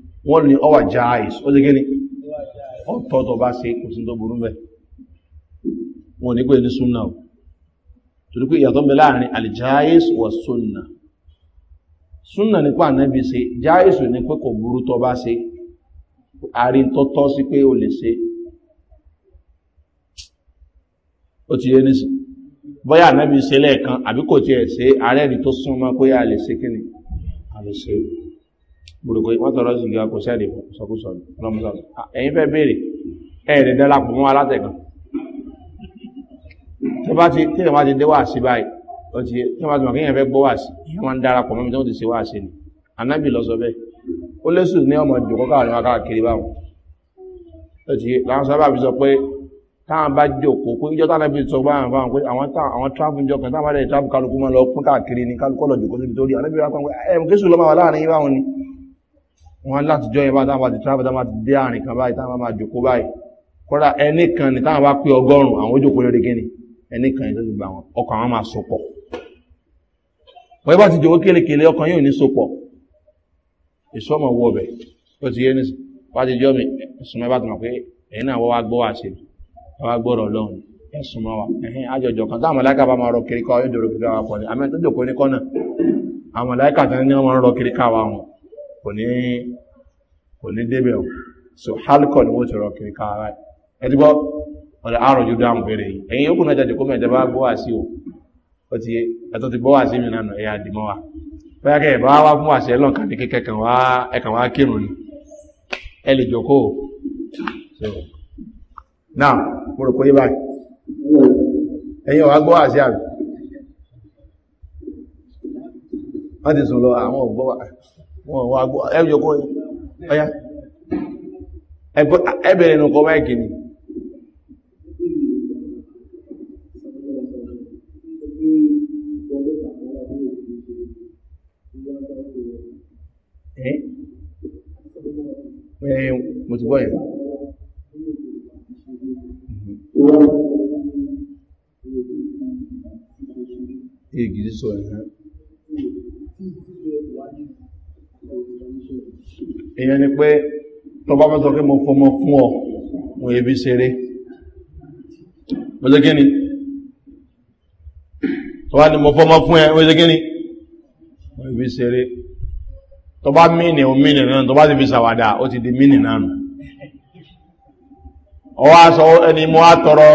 wọ́n ni ọwà jáàìs ó jẹ́ gẹ́ni ó bá se kò sí tó burú mẹ́ wọ́n ní pé ní súnà ò torí pé ìyàtọ̀ mẹ́ láàrin alìjáàìs wà nípa ànábì se jáàìs ní pé kò burú tọ́ bá se àárín sí pé lè se ó ti yé bọ́yá se lẹ́ẹ̀kan àbí kò se àárẹ̀ ni tó súnmọ́ pé a lè se kíni a lè gbogbo wọn tọrọ sí ìgbà kò sẹ́ẹ̀dì sọkúsọ lọ́mọsọ ah, ẹ̀yin fẹ́ béèrè ẹ̀ẹ́dẹ̀ dẹ́là pọ̀ mọ́ alátẹ̀kan tí wọ́n ti tí wọ́n ti dé wàásì báyìí wọ́n ti tí wọ́n ti mọ̀ kéèyàn fẹ́ gbọ́ wàásì ìyẹn wọn dára pọ̀ mọ́ mi tí wọ́n ti ṣe wàásì ni anábì lọ sọ bẹ́ẹ̀ ó lẹ́sù ní ọmọ ìjòkó káàrin wọn káàkiri báwọn ó ti làwọn sábà fi sọ pé táwọn bá jòkó pé ìjọ táwọn fi sọ báwọn fáwọn pé àwọn àwọn tráfù ń jọkàn táwọn bá dẹ̀ tráfù kálukú máa lọ wọ́n látijọ́ yẹn bá táwọn bá ti travel táwọn bá ti dé àárín kan báyìí táwọn bá máa jòkó báyìí kọ́ra ẹnì kan ní táwọn bá pé ọgọ́rùn-ún àwọn ojókòó lórí gíní ẹnì kan ní lójú gbà wọn ọkàn àwọn máa sopọ̀ wọ́n bá ti jòkó kélékèlé ọkàn yóò ní sopọ̀ èso ọmọ wọ ọbẹ̀ ó ti yé nísìnyí wọ́n ti jọ́ mi ẹ̀sùn mẹ́fà tó mọ̀ pé ẹ̀yin náà wọ́n wá gbọ́ wá wọ́n wá lọ́hùn ẹ̀sùn mọ́ kiri ká ọjọ́ ìdòrò kiri ká wa pọ̀ ní àmì tó jòkó ní kọ́nà àwọn mọ̀láìkà tó ní kiri ká wa kò ní débẹ̀ so halkọ̀ ni wọ́n ti rọ kiri ká ara ẹ ti gbọ́ ọ̀dà àrùn ju dáhùn bẹ̀rẹ̀ yìí ẹ̀yin yókù náà jáde kó mẹ́ta bá gbọ́ wá sí o ó ti ẹ̀tọ́ ti gbọ́ wá sí ẹ̀yà wa bóyá kẹ́ wá fún àṣẹ lọ́n kàdé kẹ́kẹ́ ni wọ́n ti sùn lọ àwọn wọn wá gbọ́ ẹjọ́ kọ́ ọya ẹbẹ̀rẹ̀ nù kọ́ báyìí kìíní ẹ̀yìn mo ti gbọ́ yẹn Ègìdí sọ ẹ̀hán. ìyẹn ni pé tọba mẹ́sọ kí mo fọmọ fún ọ mo ebi ṣeré mọ́sẹ̀ gíní tọba ni mo fọmọ fún ẹ mọ́sẹ̀ gíní mo ebi ṣeré tọba mínì o mínì náà tọba ti fi sàwádà ó ti di mínì náà ọwọ́ aṣọ ẹni mo á tọrọ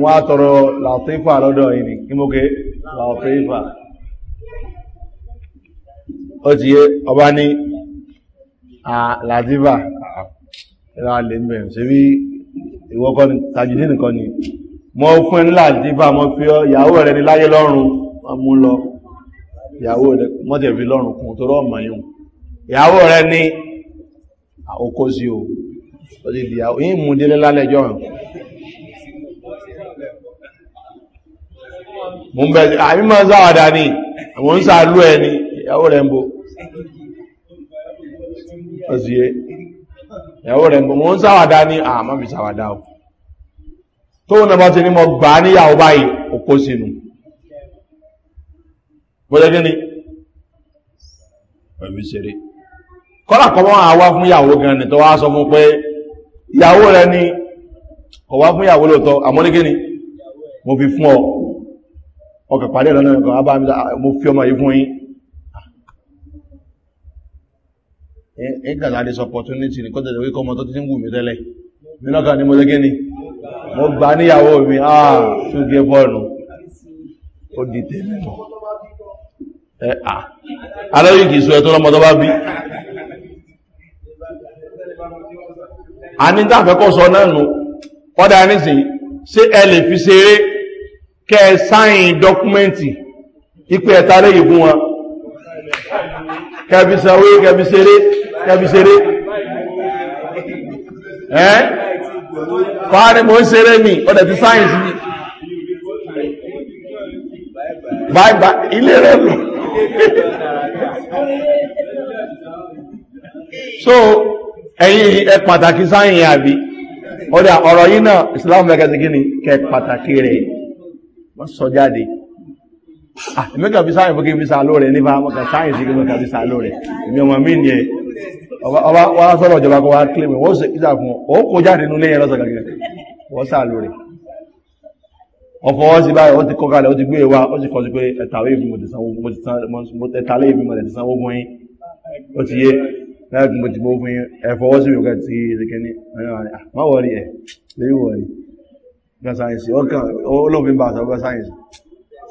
mo á tọrọ làtífà lọ́dọ̀ yìí kí mo ké làtífà ó ti yé ọba ní Ah, làdíbà ẹ̀rọ alẹ́ ń bẹ̀rẹ̀ ṣebí ìwọ́kọ́ ni tajìdí nìkan ni mọ́ fún ẹni làdíbà mọ́ fi ọ́ ìyàwó rẹ̀ ni láyé lọ́rùn mú lọ ìyàwó rẹ̀ mọ́jẹ̀ fi lọ́rùn kún tó rọ́ mọ̀ yùn ìyàwó rẹ̀ ni àkókò sí o ó ti di ìyàwó yìí mú délé lálẹ́jọ́ hàn mo ń bẹ̀rẹ̀ àmì máa ń sáwàdà ni àwọn ń sàálù ẹni ìyàwó rẹ̀ ń bo ọ̀sì yẹ ìyàwó rẹ̀ mọ̀ ń sáwàdá ní àmọ́ ah, fi sáwàdá o tóun náà bá ti ní mọ̀ gbà á níyàwó báyìí òkó sínú bọ́jọ́ kí ni ẹ̀mí ṣeré kọ́lá kọ́ wọ́n àwá fún ìyàwó gan ni tó wá sọ fún pé ìyàwó rẹ ni ọwá fún ìyàwó lóòtọ́ àmọ́lé kí ni mo fi fún ọ ọkà pàdé lọ́nà ẹ̀kọ́ ah, mo fi ọmọ yìí fún yín ìkàlà this opportunity ní kọ́tẹ̀tẹ̀ wíkọ́ ọmọ tó ti ń wù mí tẹ́lẹ̀ mínọ́kà ní mo lẹ́gẹ́ ni mo gbà níyàwó mi àà tún gé bọ́ọ̀lù ó di tèmi mọ̀ ẹ à alẹ́yìn kìí sọ ẹ̀ tó lọ́mọ tó bá bí a ní tàfẹ́kọ́ sọ náà nù kọ́dà nísìn ṣé ẹ lè fi ṣeré kẹ́ ẹ sáyìn dọ́kúmẹ́ǹtì ipò ẹ̀ta lẹ́yìn fún wọn kẹbi sanwó kẹbi seré kẹbi seré ẹ́ fàánì mò ń seré mi ọ̀dẹ̀ ti sáyẹ̀nsì mi báyìí ilé rẹ̀ lọ so ẹ̀yìn ẹ pàtàkì sáyìn àbí ọ̀rọ̀ yìí náà islam mẹ́kẹ́sì gíní kẹ pàtàkì rẹ̀ wọ́n sọ jáde Ah, mẹ́kà fi sáyẹ̀ fún kí fi sàálò rẹ̀ nípa mọ́kà sáyẹ̀ sí kí mọ́kà fi sàálò rẹ̀ ìmì ọmọ mí ní ẹ ọba wá sọ́rọ̀ ìjọba kọ́ wá kílẹ̀ mẹ́ wọ́n sì kíjà fún ọ kó jáde nínú lẹ́yìn lọ́sọ̀ gàgà wọ́n sàálò rẹ̀ ọ̀fọ̀ wọ́n sì báyìí wọ́n ti kọ́ kalẹ̀ wọ́n ti gbé e wa wọ́n sì kọ́ sí pé ẹ̀tàwé ìfì mo ti sanwó mo ti sanwó ẹ̀tàlẹ́ ìfì mo ti sanwó fún yín ó ti yé ẹ̀fọ́ ah, wọ́n sì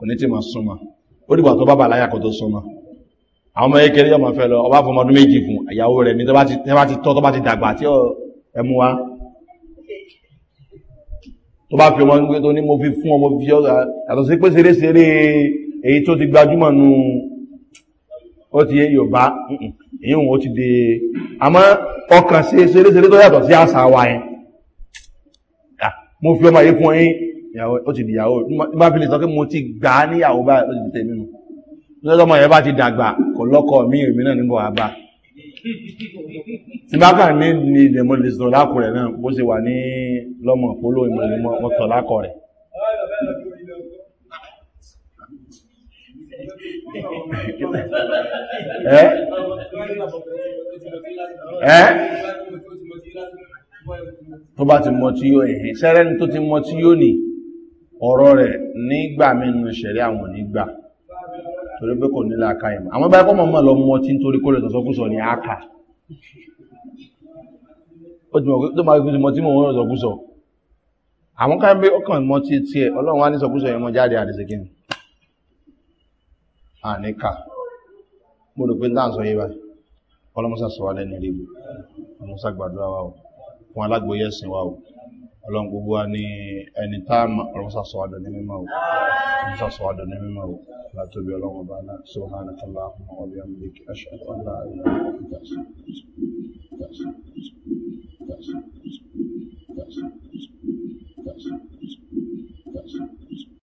kò ní tí ma súnmọ́ ó dìgbà tó bá bà láyà kò tó súnmọ́ àwọn ọmọ yẹn kéré ọmọ fẹ lọ ọba fún ọmọdún méjì fún ìyàwó rẹ ní tó bá ti tọ́ tó bá ti dàgbà tí ẹ mú wa tó bá fi ọmọ nígbé tó ní mo fi fún ọmọ fi ọgá yàtọ̀ sí pé ṣeré-ṣeré èyí tó ti gbajúmọ̀ nu ó ti yorùbá èyí òun ti de àmọ́ ọkàn ṣe ṣeré-ṣeré tó yàtọ̀ sí àṣà wa yẹn mo fi ọmọ yìí fún yín ìyàwó ó ti dìyàwó nígbà fi lè sọ pé mo ti gbà á níyàwó báyìí ó ti di tèmi nù lọ́jọ́ ọmọ yẹn bá ti dàgbà kò lọ́kọ mi èmi náà níbọ̀ àbá tí bá kà ní ní ìdẹ̀mọ́ lè sọ̀rọ̀ lákò rẹ̀ náà bó ṣe wà ní lọ́mọ polo ìmọ̀lẹ́mọ́ ọ̀tọ̀ lákọ̀ rẹ̀ [laughs] ẹ́ ẹ́ tó bá ti mọ tí yóò ẹ̀hìn sẹ́rẹ́ni tó ti mọ tí yóò nìí ọ̀rọ̀ rẹ̀ nígbà mẹ́nu ṣẹ̀rí àwọn nígbà torí pé kò nílá aka ìmọ̀ àwọn báyìí kọ́ mọ̀ lọ mọ́ tí nítorí kó lè tọ̀sọ́kúsọ ní aka ó ti mọ̀ tó máa fi mọ́ tí mò ń tọ̀sọ́kúsọ àwọn ká bí ọkàn mọ́ tí tí ẹ ọlọ́run wá ní sọkúsọ yẹn mọ́ jáde àdìsẹ́kìn àníkà mo rò pé ń dáhùn sọ yé báyìí ọlọ́mọsà sọ wá lẹ́nu ìrìbù ọlọ́mọsà gbàdúrà wa o fún alágbóyẹ̀sìn wa o ọlọ́run gbogbo wa ní ẹni tá ọlọ́sà sọ àdọ̀ ní mímọ́ o ọlọ́sà sọ àdọ̀ ní mímọ́ o látòbí ọlọ́run ọba náà sọ hàn ní kọlá ọmọ ọbẹ̀ ọmọ ilé kí aṣọ àtọ́ ńlá ìlú Thank you.